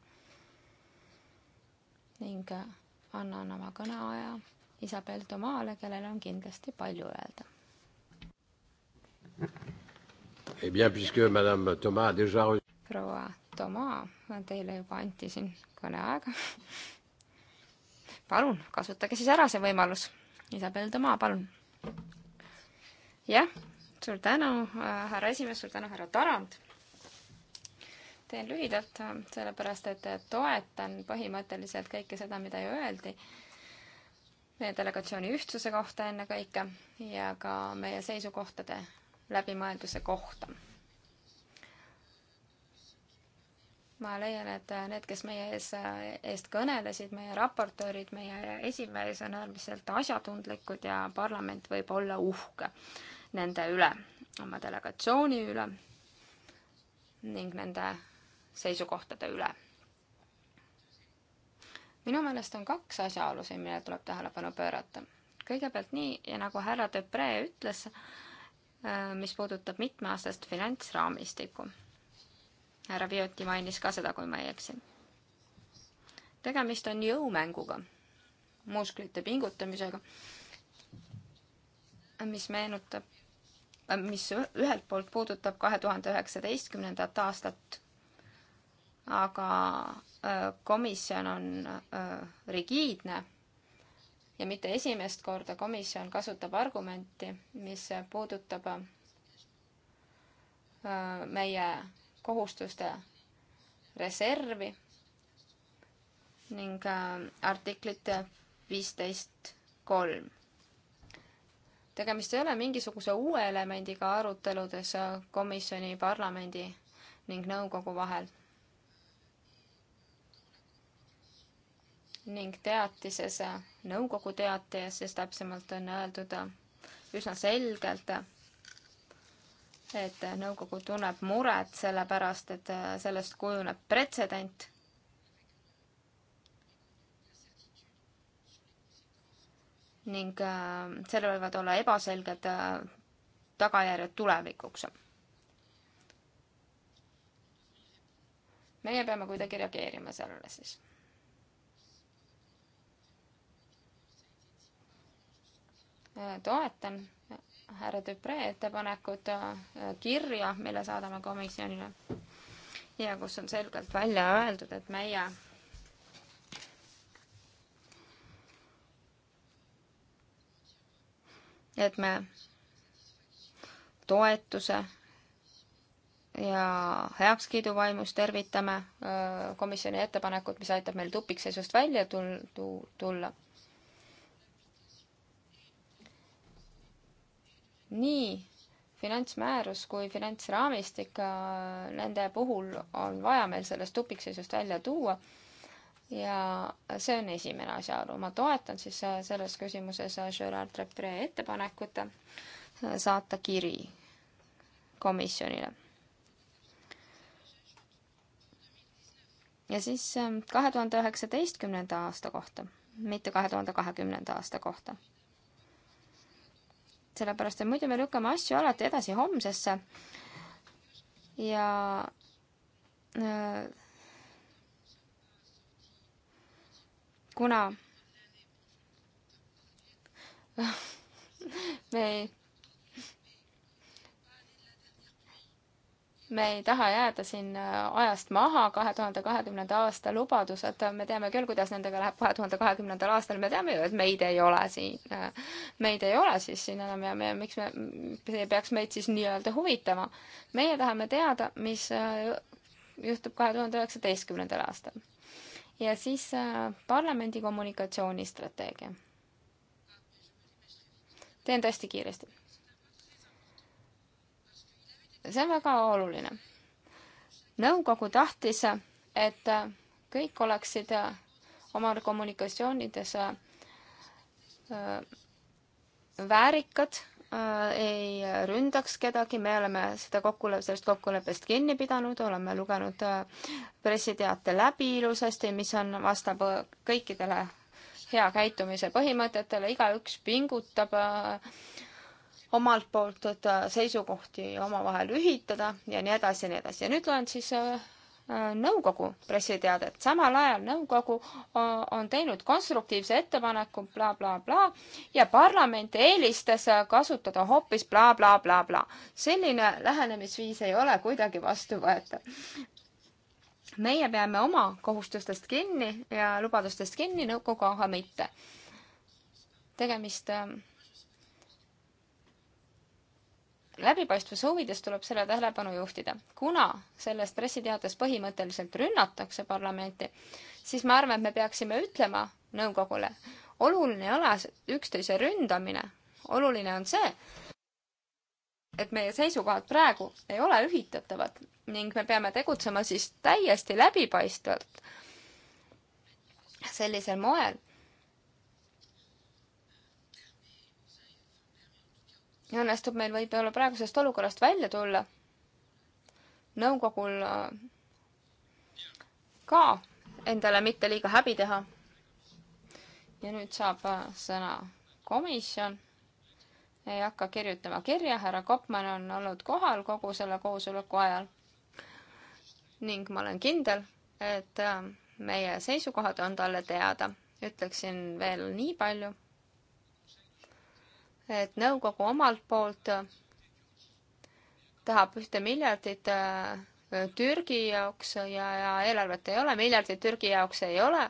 Speaker 2: ning annan oma kõneaja Isabel Tomaale, kellel on kindlasti palju öelda.
Speaker 1: Eh bien, puisque madame Thomas a déjà
Speaker 2: proua Toma, teile juba anti siin kõneaega. palun, kasutage siis ära see võimalus. Isabel Toma, palun. jah, suur tänu äh,, härra esimees, suur tänu, härra Tarand teen lühidalt, sellepärast et toetan põhimõtteliselt kõike seda, mida ju öeldi meie delegatsiooni ühtsuse kohta ennekõike ja ka meie seisukohtade läbimõelduse kohta. ma leian, et need, kes meie ees, eest kõnelesid, meie raportöörid, meie esimees on äärmiselt asjatundlikud ja parlament võib olla uhke nende üle, oma delegatsiooni üle ning nende seisukohtade üle. minu meelest on kaks asjaolu siin, millele tuleb tähelepanu pöörata. kõigepealt nii, ja nagu härra Depree ütles, äh, mis puudutab mitmeaastast finantsraamistikku. härra Vioti mainis ka seda, kui ma ei eksi. tegemist on jõumänguga, musklite pingutamisega, mis meenutab, mis ühelt poolt puudutab kahe tuhande üheksateistkümnendat aastat aga äh, komisjon on äh, rigiidne ja mitte esimest korda komisjon kasutab argumenti, mis puudutab äh, meie kohustuste reservi ning artiklit viisteist kolm. tegemist ei ole mingisuguse uue elemendiga aruteludes komisjoni, parlamendi ning nõukogu vahel ning teatises, nõukogu teatises siis täpsemalt on öeldud üsna selgelt, et nõukogu tunneb muret selle pärast, et sellest kujuneb pretsedent. ning äh, sellel võivad olla ebaselged äh, tagajärjed tulevikuks. meie peame kuidagi reageerima sellele siis toetan härra Dupre ettepanekut äh, kirja, mille saadame komisjonile ja kus on selgelt välja öeldud, et meie et me toetuse ja heakskiidu vaimus tervitame äh, komisjoni ettepanekut, mis aitab meil tupikseisust välja tulla nii finantsmäärus kui finantsraamistik, äh, nende puhul on vaja meil sellest tupikseisust välja tuua. ja see on esimene asjaolu, ma toetan siis äh, selles küsimuses äh, Gerard Trepre ettepanekut saata kiri komisjonile ja siis kahe tuhande üheksateistkümnenda aasta kohta, mitte kahe tuhande kahekümnenda aasta kohta sellepärast et muidu me lükkame asju alati edasi homsesse ja äh, kuna me ei me ei taha jääda siin äh, ajast maha, kahe tuhande kahekümnenda aasta lubadused, me teame küll, kuidas nendega läheb kahe tuhande kahekümnendal aastal, me teame ju, et meid ei ole siin, äh, meid ei ole siis siin enam ja me, miks me, see peaks meid siis nii-öelda huvitama. meie tahame teada, mis äh, juhtub kahe tuhande üheksateistkümnendal aastal. ja siis parlamendi kommunikatsioonistrateegia. teen tõesti kiiresti see on väga oluline. nõukogu tahtis, et kõik oleksid oma kommunikatsioonides äh, väärikad, äh, ei ründaks kedagi, me oleme seda kokkuleppe, sellest kokkuleppest kinni pidanud, oleme lugenud äh, pressiteate läbi ilusasti, mis on, vastab kõikidele hea käitumise põhimõtetele, igaüks pingutab äh, omalt poolt äh, seisukohti omavahel ühitada ja nii edasi ja nii edasi. ja nüüd loen siis äh, äh, nõukogu pressiteadet. samal ajal nõukogu on teinud konstruktiivse ettepaneku blablabla bla, bla, ja parlament eelistas kasutada hoopis blablabla bla,. selline lähenemisviis ei ole kuidagi vastuvõetav. meie peame oma kohustustest kinni ja lubadustest kinni, nõukogu aga mitte. tegemist läbipaistvuse huvides tuleb selle tähelepanu juhtida. kuna selles pressiteates põhimõtteliselt rünnatakse parlamenti, siis ma arvan, et me peaksime ütlema nõukogule, oluline ei ole üksteise ründamine, oluline on see, et meie seisukohad praegu ei ole ühitatavad ning me peame tegutsema siis täiesti läbipaistvalt sellisel moel õnnestub meil võib-olla praegusest olukorrast välja tulla. nõukogul äh, ka endale mitte liiga häbi teha. ja nüüd saab äh, sõna komisjon. ei hakka kirjutama kirja, härra Koppmann on olnud kohal kogu selle koosoleku ajal. ning ma olen kindel, et äh, meie seisukohad on talle teada. ütleksin veel nii palju et nõukogu omalt poolt tahab ühte miljardit äh, Türgi jaoks ja, ja eelarvet ei ole, miljardit Türgi jaoks ei ole,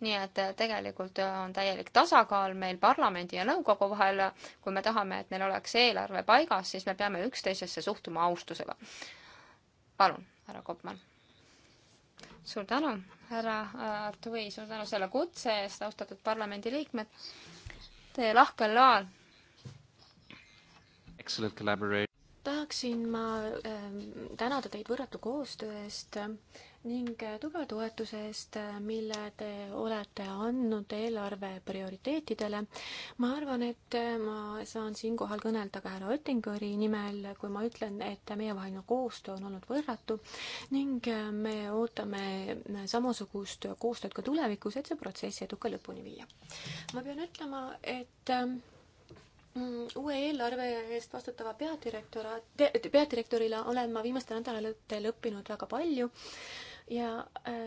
Speaker 2: nii et äh, tegelikult on täielik tasakaal meil parlamendi ja nõukogu vahel. kui me tahame, et neil oleks eelarve paigas, siis me peame üksteisesse suhtuma austusega. palun, härra Koppmann. suur tänu, härra äh, Artui, suur tänu selle kutse eest, austatud parlamendiliikmed. Teie lahkel loal excellent collaboration. tahaksin
Speaker 3: ma ähm, tänada teid võrratu koostöö eest ning äh, tugeva toetuse eest, äh, mille te olete andnud eelarve prioriteetidele. ma arvan, et äh, ma saan siinkohal kõnelda ka härra Oettingeri nimel, kui ma ütlen, et meievaheline koostöö on olnud võrratu ning me ootame samasugust koostööd ka tulevikus, et see protsess eduka lõpuni viia. ma pean ütlema, et ähm, Mm, uue eelarve eest vastutava peadirektora, peadirektorile olen ma viimastel nädalatel õppinud väga palju ja äh,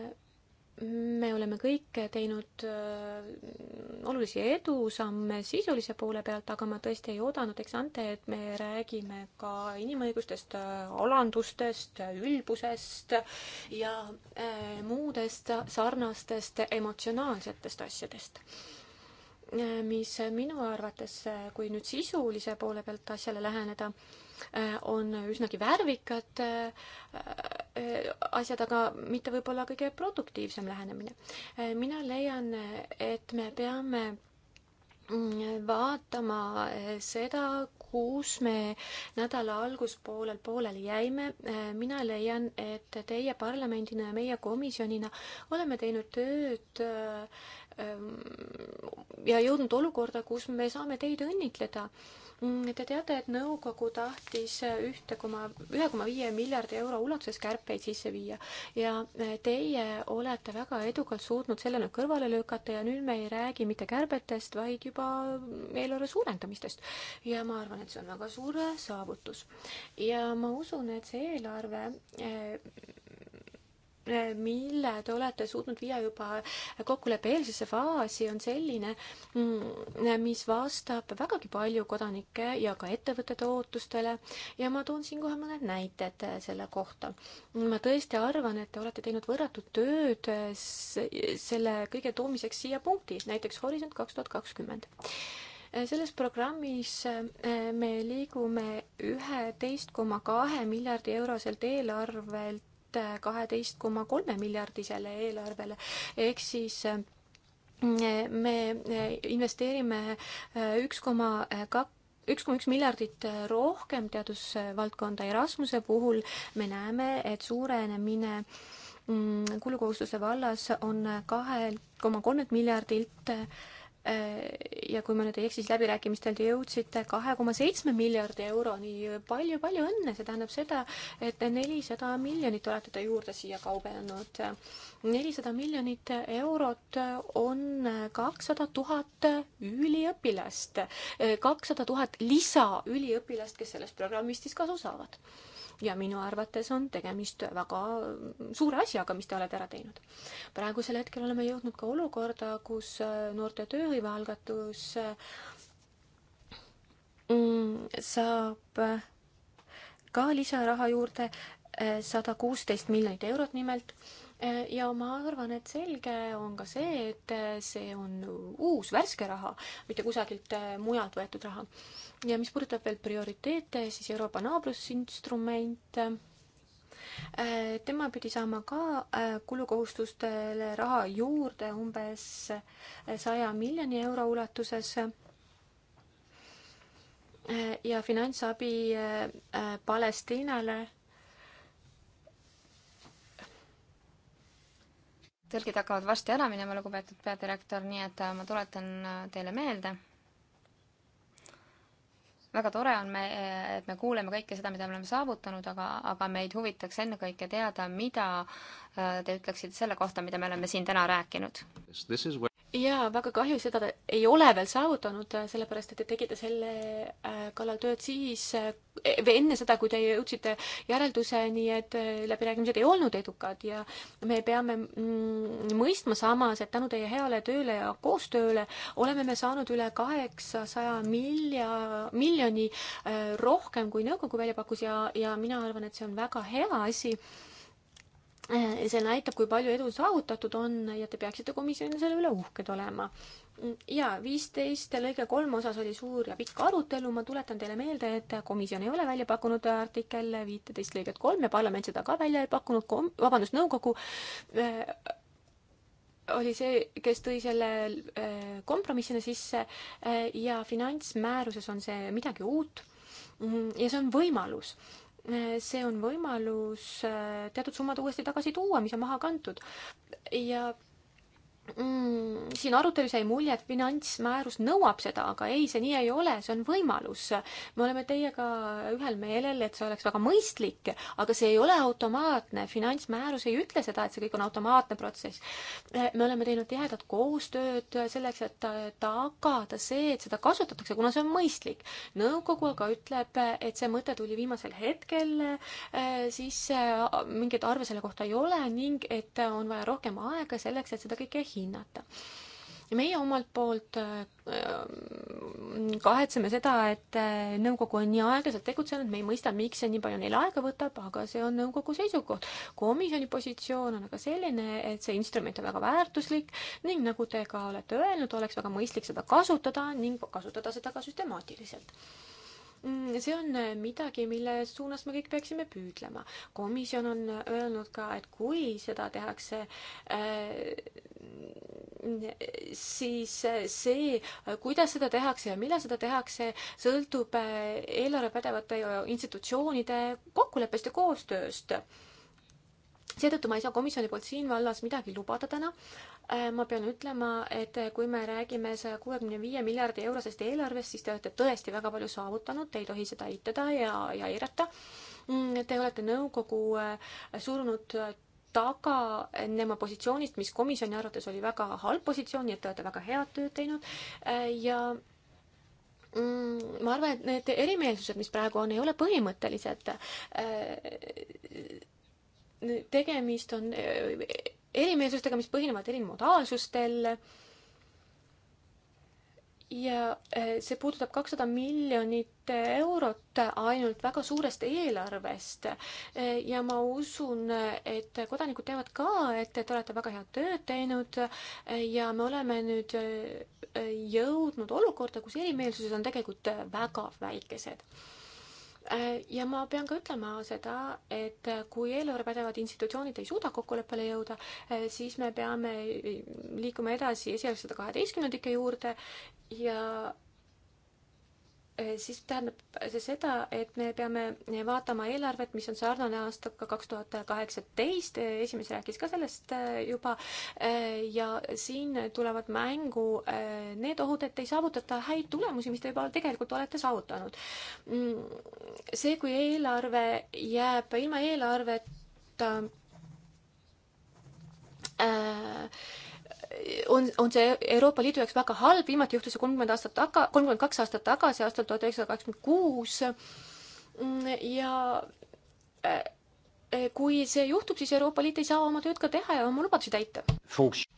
Speaker 3: me oleme kõik teinud äh, olulisi edusamme sisulise poole pealt, aga ma tõesti ei oodanud, eks ante, et me räägime ka inimõigustest, alandustest, ülbusest ja äh, muudest sarnastest emotsionaalsetest asjadest mis minu arvates, kui nüüd sisulise poole pealt asjale läheneda, on üsnagi värvikad äh, asjad, aga mitte võib-olla kõige produktiivsem lähenemine. Äh, mina leian, et me peame mm, vaatama äh, seda, kus me nädala alguspoolel pooleli jäime. mina leian, et teie parlamendina ja meie komisjonina oleme teinud tööd Ehm, ja jõudnud olukorda, kus me saame teid õnnitleda. Mm, te teate, et nõukogu tahtis ühte koma, ühe koma viie miljardi euro ulatuses kärpeid sisse viia ja e, teie olete väga edukalt suutnud selle nüüd kõrvale lükata ja nüüd me ei räägi mitte kärbetest, vaid juba eelarve suurendamistest. ja ma arvan, et see on väga suur saavutus. ja ma usun, et see eelarve e, mille te olete suutnud viia juba kokkuleppe eelsesse faasi, on selline, mm, mis vastab vägagi palju kodanike ja ka ettevõtete ootustele ja ma toon siinkohal mõned näited selle kohta. ma tõesti arvan, et te olete teinud võrratut tööd selle kõige toomiseks siia punkti, näiteks Horisont kaks tuhat kakskümmend selles programmis eh, me liigume üheteist koma kahe miljardi euroselt eelarvelt kaheteist koma kolme miljardisele eelarvele, ehk siis eh, me eh, investeerime eh, üks koma kaks üks koma üks miljardit rohkem teadusvaldkonda Erasmuse puhul me näeme, et suurenemine mm, kulukohustuse vallas on kahelt koma kolmelt miljardilt ja kui ma nüüd ei eksi, siis läbirääkimistel te jõudsite kahe koma seitsme miljardi euroni. palju-palju õnne, see tähendab seda, et nelisada miljonit olete te juurde siia kaubelnud. nelisada miljonit eurot on kakssada tuhat üliõpilast, kakssada tuhat lisaüliõpilast, kes sellest programmist siis kasu saavad ja minu arvates on tegemist väga suure asjaga, mis te olete ära teinud. praegusel hetkel oleme jõudnud ka olukorda, kus äh, noorte tööhõivealgatus äh, mm, saab äh, ka lisaraha juurde sada kuusteist miljonit eurot nimelt ja ma arvan, et selge on ka see, et see on uus, värske raha, mitte kusagilt äh, mujalt võetud raha. ja mis puudutab veel prioriteete, siis Euroopa naabrusinstrument, äh, tema pidi saama ka äh, kulukohustustele raha juurde umbes saja miljoni euro ulatuses ja finantsabi
Speaker 2: Palestiinale tõlgid hakkavad varsti ära minema, lugupeetud peadirektor, nii et äh, ma tuletan äh, teile meelde. väga tore on me, äh, et me kuuleme kõike seda, mida me oleme saavutanud, aga, aga meid huvitaks ennekõike teada, mida te ütleksite selle kohta, mida me oleme siin täna rääkinud jaa, väga kahju, seda ta ei ole veel saavutanud,
Speaker 3: äh, sellepärast et te tegite selle äh, kallal tööd siis äh, e, või enne seda, kui te jõudsite järelduseni, et läbirääkimised ei olnud edukad ja me peame mm, mõistma samas, et tänu teie heale tööle ja koostööle oleme me saanud üle kaheksasaja milja, miljoni rohkem, kui nõukogu välja pakkus ja, ja mina arvan, et see on väga hea asi see näitab, kui palju edu saavutatud on ja te peaksite komisjonina selle üle uhked olema. ja viisteist lõige kolm osas oli suur ja pikk arutelu, ma tuletan teile meelde, et komisjon ei ole välja pakkunud artikkel viiteist lõiget kolm ja parlament seda ka välja ei pakkunud, kom-, vabandust, nõukogu äh, oli see, kes tõi selle äh, kompromissina sisse äh, ja finantsmääruses on see midagi uut mm, ja see on võimalus see on võimalus äh, teatud summad uuesti tagasi tuua, mis on maha kantud. ja Mm, siin arutelus jäi mulje, et finantsmäärus nõuab seda, aga ei, see nii ei ole, see on võimalus. me oleme teiega ühel meelel, et see oleks väga mõistlik, aga see ei ole automaatne, finantsmäärus ei ütle seda, et see kõik on automaatne protsess. me oleme teinud tihedat koostööd selleks, et tagada see, et seda kasutatakse, kuna see on mõistlik. nõukogu aga ütleb, et see mõte tuli viimasel hetkel eh, sisse, eh, mingeid arve selle kohta ei ole ning et on vaja rohkem aega selleks, et seda kõike hinnata. meie omalt poolt äh, kahetseme seda, et äh, nõukogu on nii aeglaselt tegutsenud, me ei mõista, miks see nii palju neil aega võtab, aga see on nõukogu seisukoht. komisjoni positsioon on aga selline, et see instrument on väga väärtuslik ning nagu te ka olete öelnud, oleks väga mõistlik seda kasutada ning kasutada seda ka süstemaatiliselt Mm, see on äh, midagi, mille suunas me kõik peaksime püüdlema. komisjon on äh, öelnud ka, et kui seda tehakse äh, siis see, kuidas seda tehakse ja millal seda tehakse, sõltub eelarvepädevate institutsioonide kokkuleppest ja koostööst seetõttu ma ei saa komisjoni poolt siin vallas midagi lubada täna. Äh, ma pean ütlema, et kui me räägime saja kuuekümne viie miljardi eurosest eelarvest, siis te olete tõesti väga palju saavutanud, te ei tohi seda eitada ja, ja eirata. Mm, te olete nõukogu äh, surunud äh, taga tema positsioonist, mis komisjoni arvates oli väga halb positsioon, nii et te olete väga head tööd teinud ja mm, ma arvan, et need erimeelsused, mis praegu on, ei ole põhimõttelised tegemist on eh, erimeelsustega, mis põhinevad erinimodaalsustel. ja eh, see puudutab kakssada miljonit eurot ainult väga suurest eelarvest. Eh, ja ma usun, et kodanikud teavad ka, et te olete väga head tööd teinud ja me oleme nüüd jõudnud olukorda, kus erimeelsused on tegelikult väga väikesed Äh, ja ma pean ka ütlema seda, et kui eelarvepädevad institutsioonid ei suuda kokkuleppele jõuda, äh, siis me peame liikuma edasi esialgsete kaheteistkümnendike juurde ja Eh, siis tähendab see seda, et me peame vaatama eelarvet, mis on sarnane aastaga kaks tuhat kaheksateist, eh, esimees rääkis ka sellest eh, juba, ja siin tulevad mängu need ohud, et ei saavutata häid tulemusi, mis te juba tegelikult olete saavutanud. Mm, see, kui eelarve jääb ilma eelarveta äh, on, on see Euroopa Liidu jaoks väga halb, viimati juhtus see kolmkümmend aastat taga, kolmkümmend kaks aastat tagasi, aastal tuhat üheksasada kakskümmend kuus mm, ja
Speaker 2: äh, kui see juhtub, siis Euroopa Liit ei saa oma tööd ka teha ja oma lubadusi täita.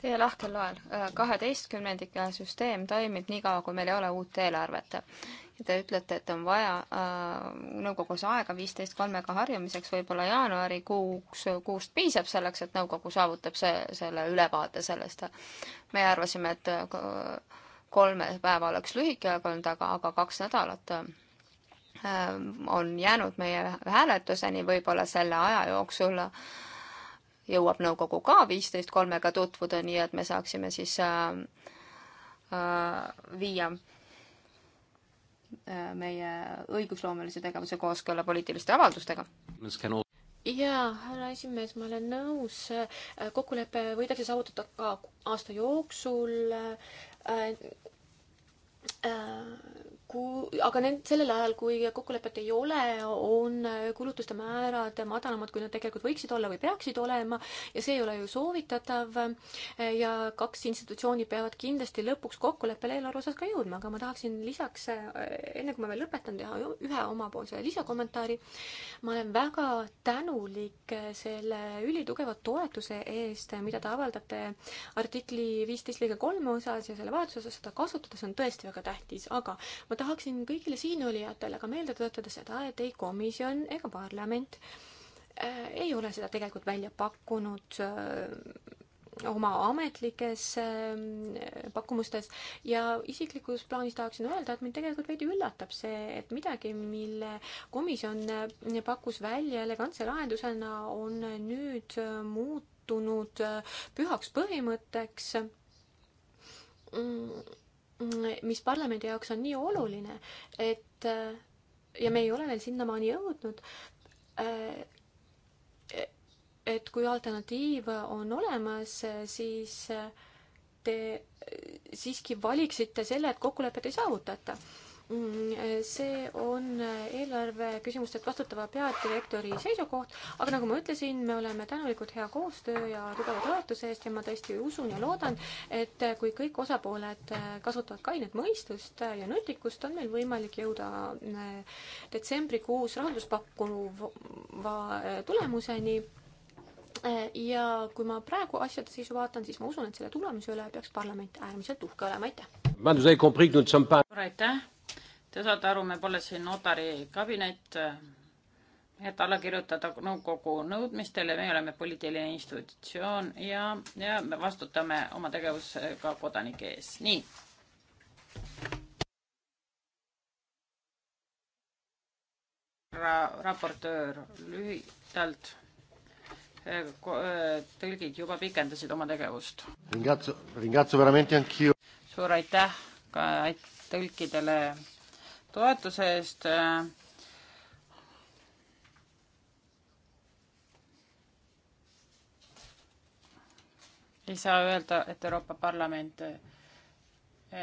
Speaker 2: Teie lahkel loel, äh, kaheteistkümnendike äh, süsteem toimib niikaua, kui meil ei ole uut eelarvet. Te ütlete, et on vaja äh, nõukogus aega viisteist kolmega harjumiseks, võib-olla jaanuarikuuks, äh, kuust piisab selleks, et nõukogu saavutab see, selle ülevaate sellest. me arvasime, et äh, kolme päeva oleks lühike aeg olnud, aga, aga kaks nädalat äh, on jäänud meie hääletuseni, võib-olla selle aja jooksul jõuab nõukogu ka viisteist kolmega tutvuda, nii et me saaksime siis äh, äh, viia meie õigusloomelise tegevuse kooskõlla poliitiliste avaldustega.
Speaker 3: jaa, härra esimees, ma olen nõus, kokkulepe võidakse saavutada ka aasta jooksul äh, äh, kui, aga nend-, sellel ajal, kui kokkulepet ei ole, on kulutuste määrad madalamad, kui nad tegelikult võiksid olla või peaksid olema ja see ei ole ju soovitatav. ja kaks institutsiooni peavad kindlasti lõpuks kokkuleppele eelarve osas ka jõudma, aga ma tahaksin lisaks, enne kui ma veel lõpetan, teha ühe omapoolse lisakommentaari. ma olen väga tänulik selle ülitugeva toetuse eest, mida te avaldate artikli viisteist lõige kolme osas ja selle vajaduse osas seda kasutada, see on tõesti väga tähtis, aga ma tahaksin kõigile siinolijatele ka meelde töötada seda, et ei komisjon ega parlament äh, ei ole seda tegelikult välja pakkunud äh, oma ametlikes äh, pakkumustes ja isiklikus plaanis tahaksin öelda, et mind tegelikult veidi üllatab see, et midagi, mille komisjon pakkus välja elegantse lahendusena, on nüüd muutunud pühaks põhimõtteks mm, Mm, mis parlamendi jaoks on nii oluline, et äh, ja me ei ole veel sinnamaani jõudnud, äh, et kui alternatiiv on olemas, siis äh, te siiski valiksite selle, et kokkulepet ei saavutata Mm, see on eelarve küsimustelt vastutava peadirektori seisukoht, aga nagu ma ütlesin, me oleme tänulikud hea koostöö ja tugeva toetuse eest ja ma tõesti usun ja loodan, et kui kõik osapooled kasutavad kainet mõistust ja nutikust, on meil võimalik jõuda äh, detsembrikuus rahanduspakkuva äh, tulemuseni äh, ja kui ma praegu asjade seisu
Speaker 1: vaatan, siis ma usun, et selle tulemuse üle peaks parlament äärmiselt uhke olema, aitäh! aitäh! Te saate aru, me pole siin notari kabinet, et alla kirjutada nõukogu nõudmistele, me oleme poliitiline institutsioon ja, ja me vastutame oma tegevusega kodanike ees. nii. Ra-, raportöör lühidalt eh, eh, tõlgid juba pikendasid oma tegevust. suur aitäh ka tõlkidele toetuse eest. ei saa öelda, et Euroopa Parlament eh,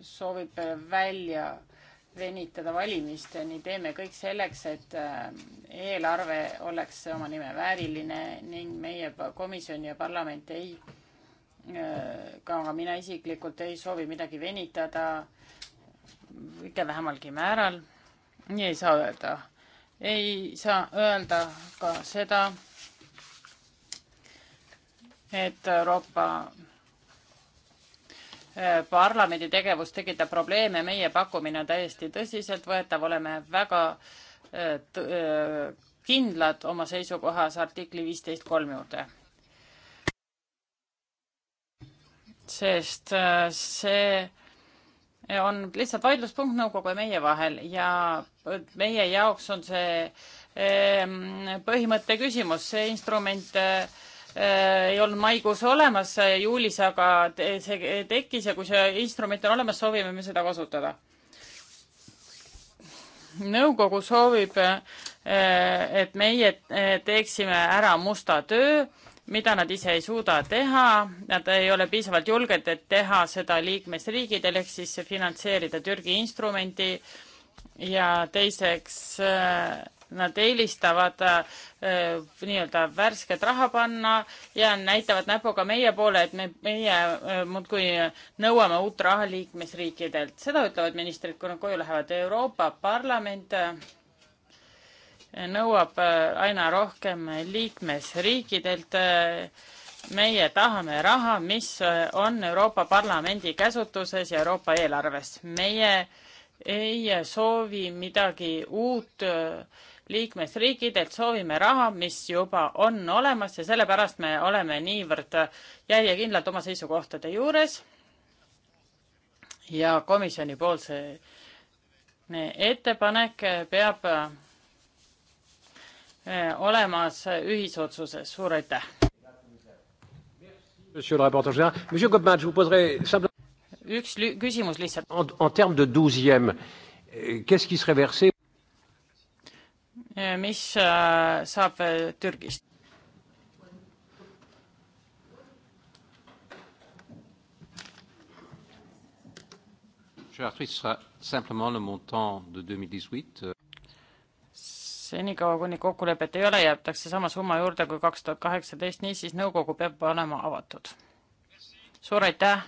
Speaker 1: soovib välja venitada valimisteni, teeme kõik selleks, et eh, eelarve oleks oma nime vääriline ning meie komisjon ja parlament ei, eh, ka mina isiklikult ei soovi midagi venitada kõige vähemalgi määral. nii ei saa öelda. ei saa öelda ka seda, et Euroopa eh, parlamendi tegevus tekitab probleeme, meie pakkumine on täiesti tõsiseltvõetav, oleme väga eh, eh, kindlad oma seisukohas artikli viisteist kolm juurde. sest see on lihtsalt vaidluspunkt nõukogu ja meie vahel ja meie jaoks on see ehm, põhimõtte küsimus, see instrument eh, ei olnud maikuus olemas, juulis aga see tekkis ja kui see instrument on olemas, soovime me seda kasutada. nõukogu soovib, eh, et meie eh, teeksime ära musta töö mida nad ise ei suuda teha, nad ei ole piisavalt julged, et teha seda liikmesriigidel, ehk siis finantseerida Türgi instrumenti ja teiseks äh, nad eelistavad äh, nii-öelda värsket raha panna ja näitavad näpuga meie poole, et me, meie äh, muudkui nõuame uut raha liikmesriikidelt. seda ütlevad ministrid, kui nad koju lähevad. Euroopa Parlament äh, nõuab äh, aina rohkem liikmesriikidelt. Äh, meie tahame raha, mis äh, on Euroopa Parlamendi käsutuses ja Euroopa eelarves. meie ei soovi midagi uut liikmesriikidelt, soovime raha, mis juba on olemas ja sellepärast me oleme niivõrd järjekindlalt oma seisukohtade juures. ja komisjoni poolse ettepanek peab Eh, olemas ühisotsuses, suur aitäh! üks küsimus lihtsalt. Eh, eh, mis saab Türgist? Je rattrape simplement le montant de 2018 senikaua, kuni kokkulepet ei ole, jäetakse sama summa juurde kui kaks tuhat kaheksateist, niisiis nõukogu peab olema avatud. suur aitäh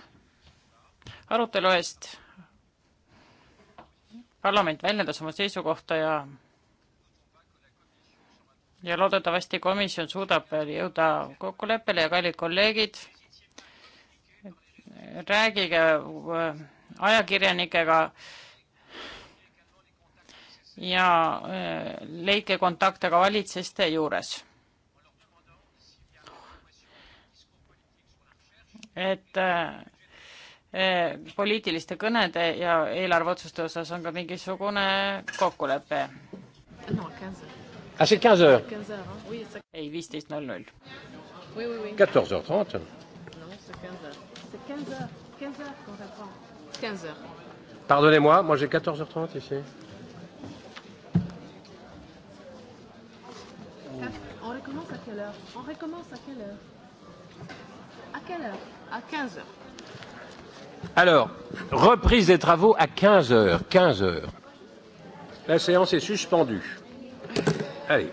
Speaker 1: arutelu eest. parlament väljendas oma seisukohta ja ja loodetavasti komisjon suudab veel jõuda kokkuleppele ja kallid kolleegid, räägige äh, ajakirjanikega äh, ja äh, leidke kontakte ka valitsuste juures. et äh, äh, poliitiliste kõnede ja eelarveotsuste osas on ka mingisugune kokkulepe. Ah, ei, viisteist null null. Quatorze heures trente. Pardonnez-moi, moi j'ai 14h30 ici.
Speaker 3: On recommence à quelle heure On recommence à quelle heure À quelle heure À 15 heures.
Speaker 1: Alors, reprise des travaux à 15 heures. 15 heures. La séance est suspendue. Allez.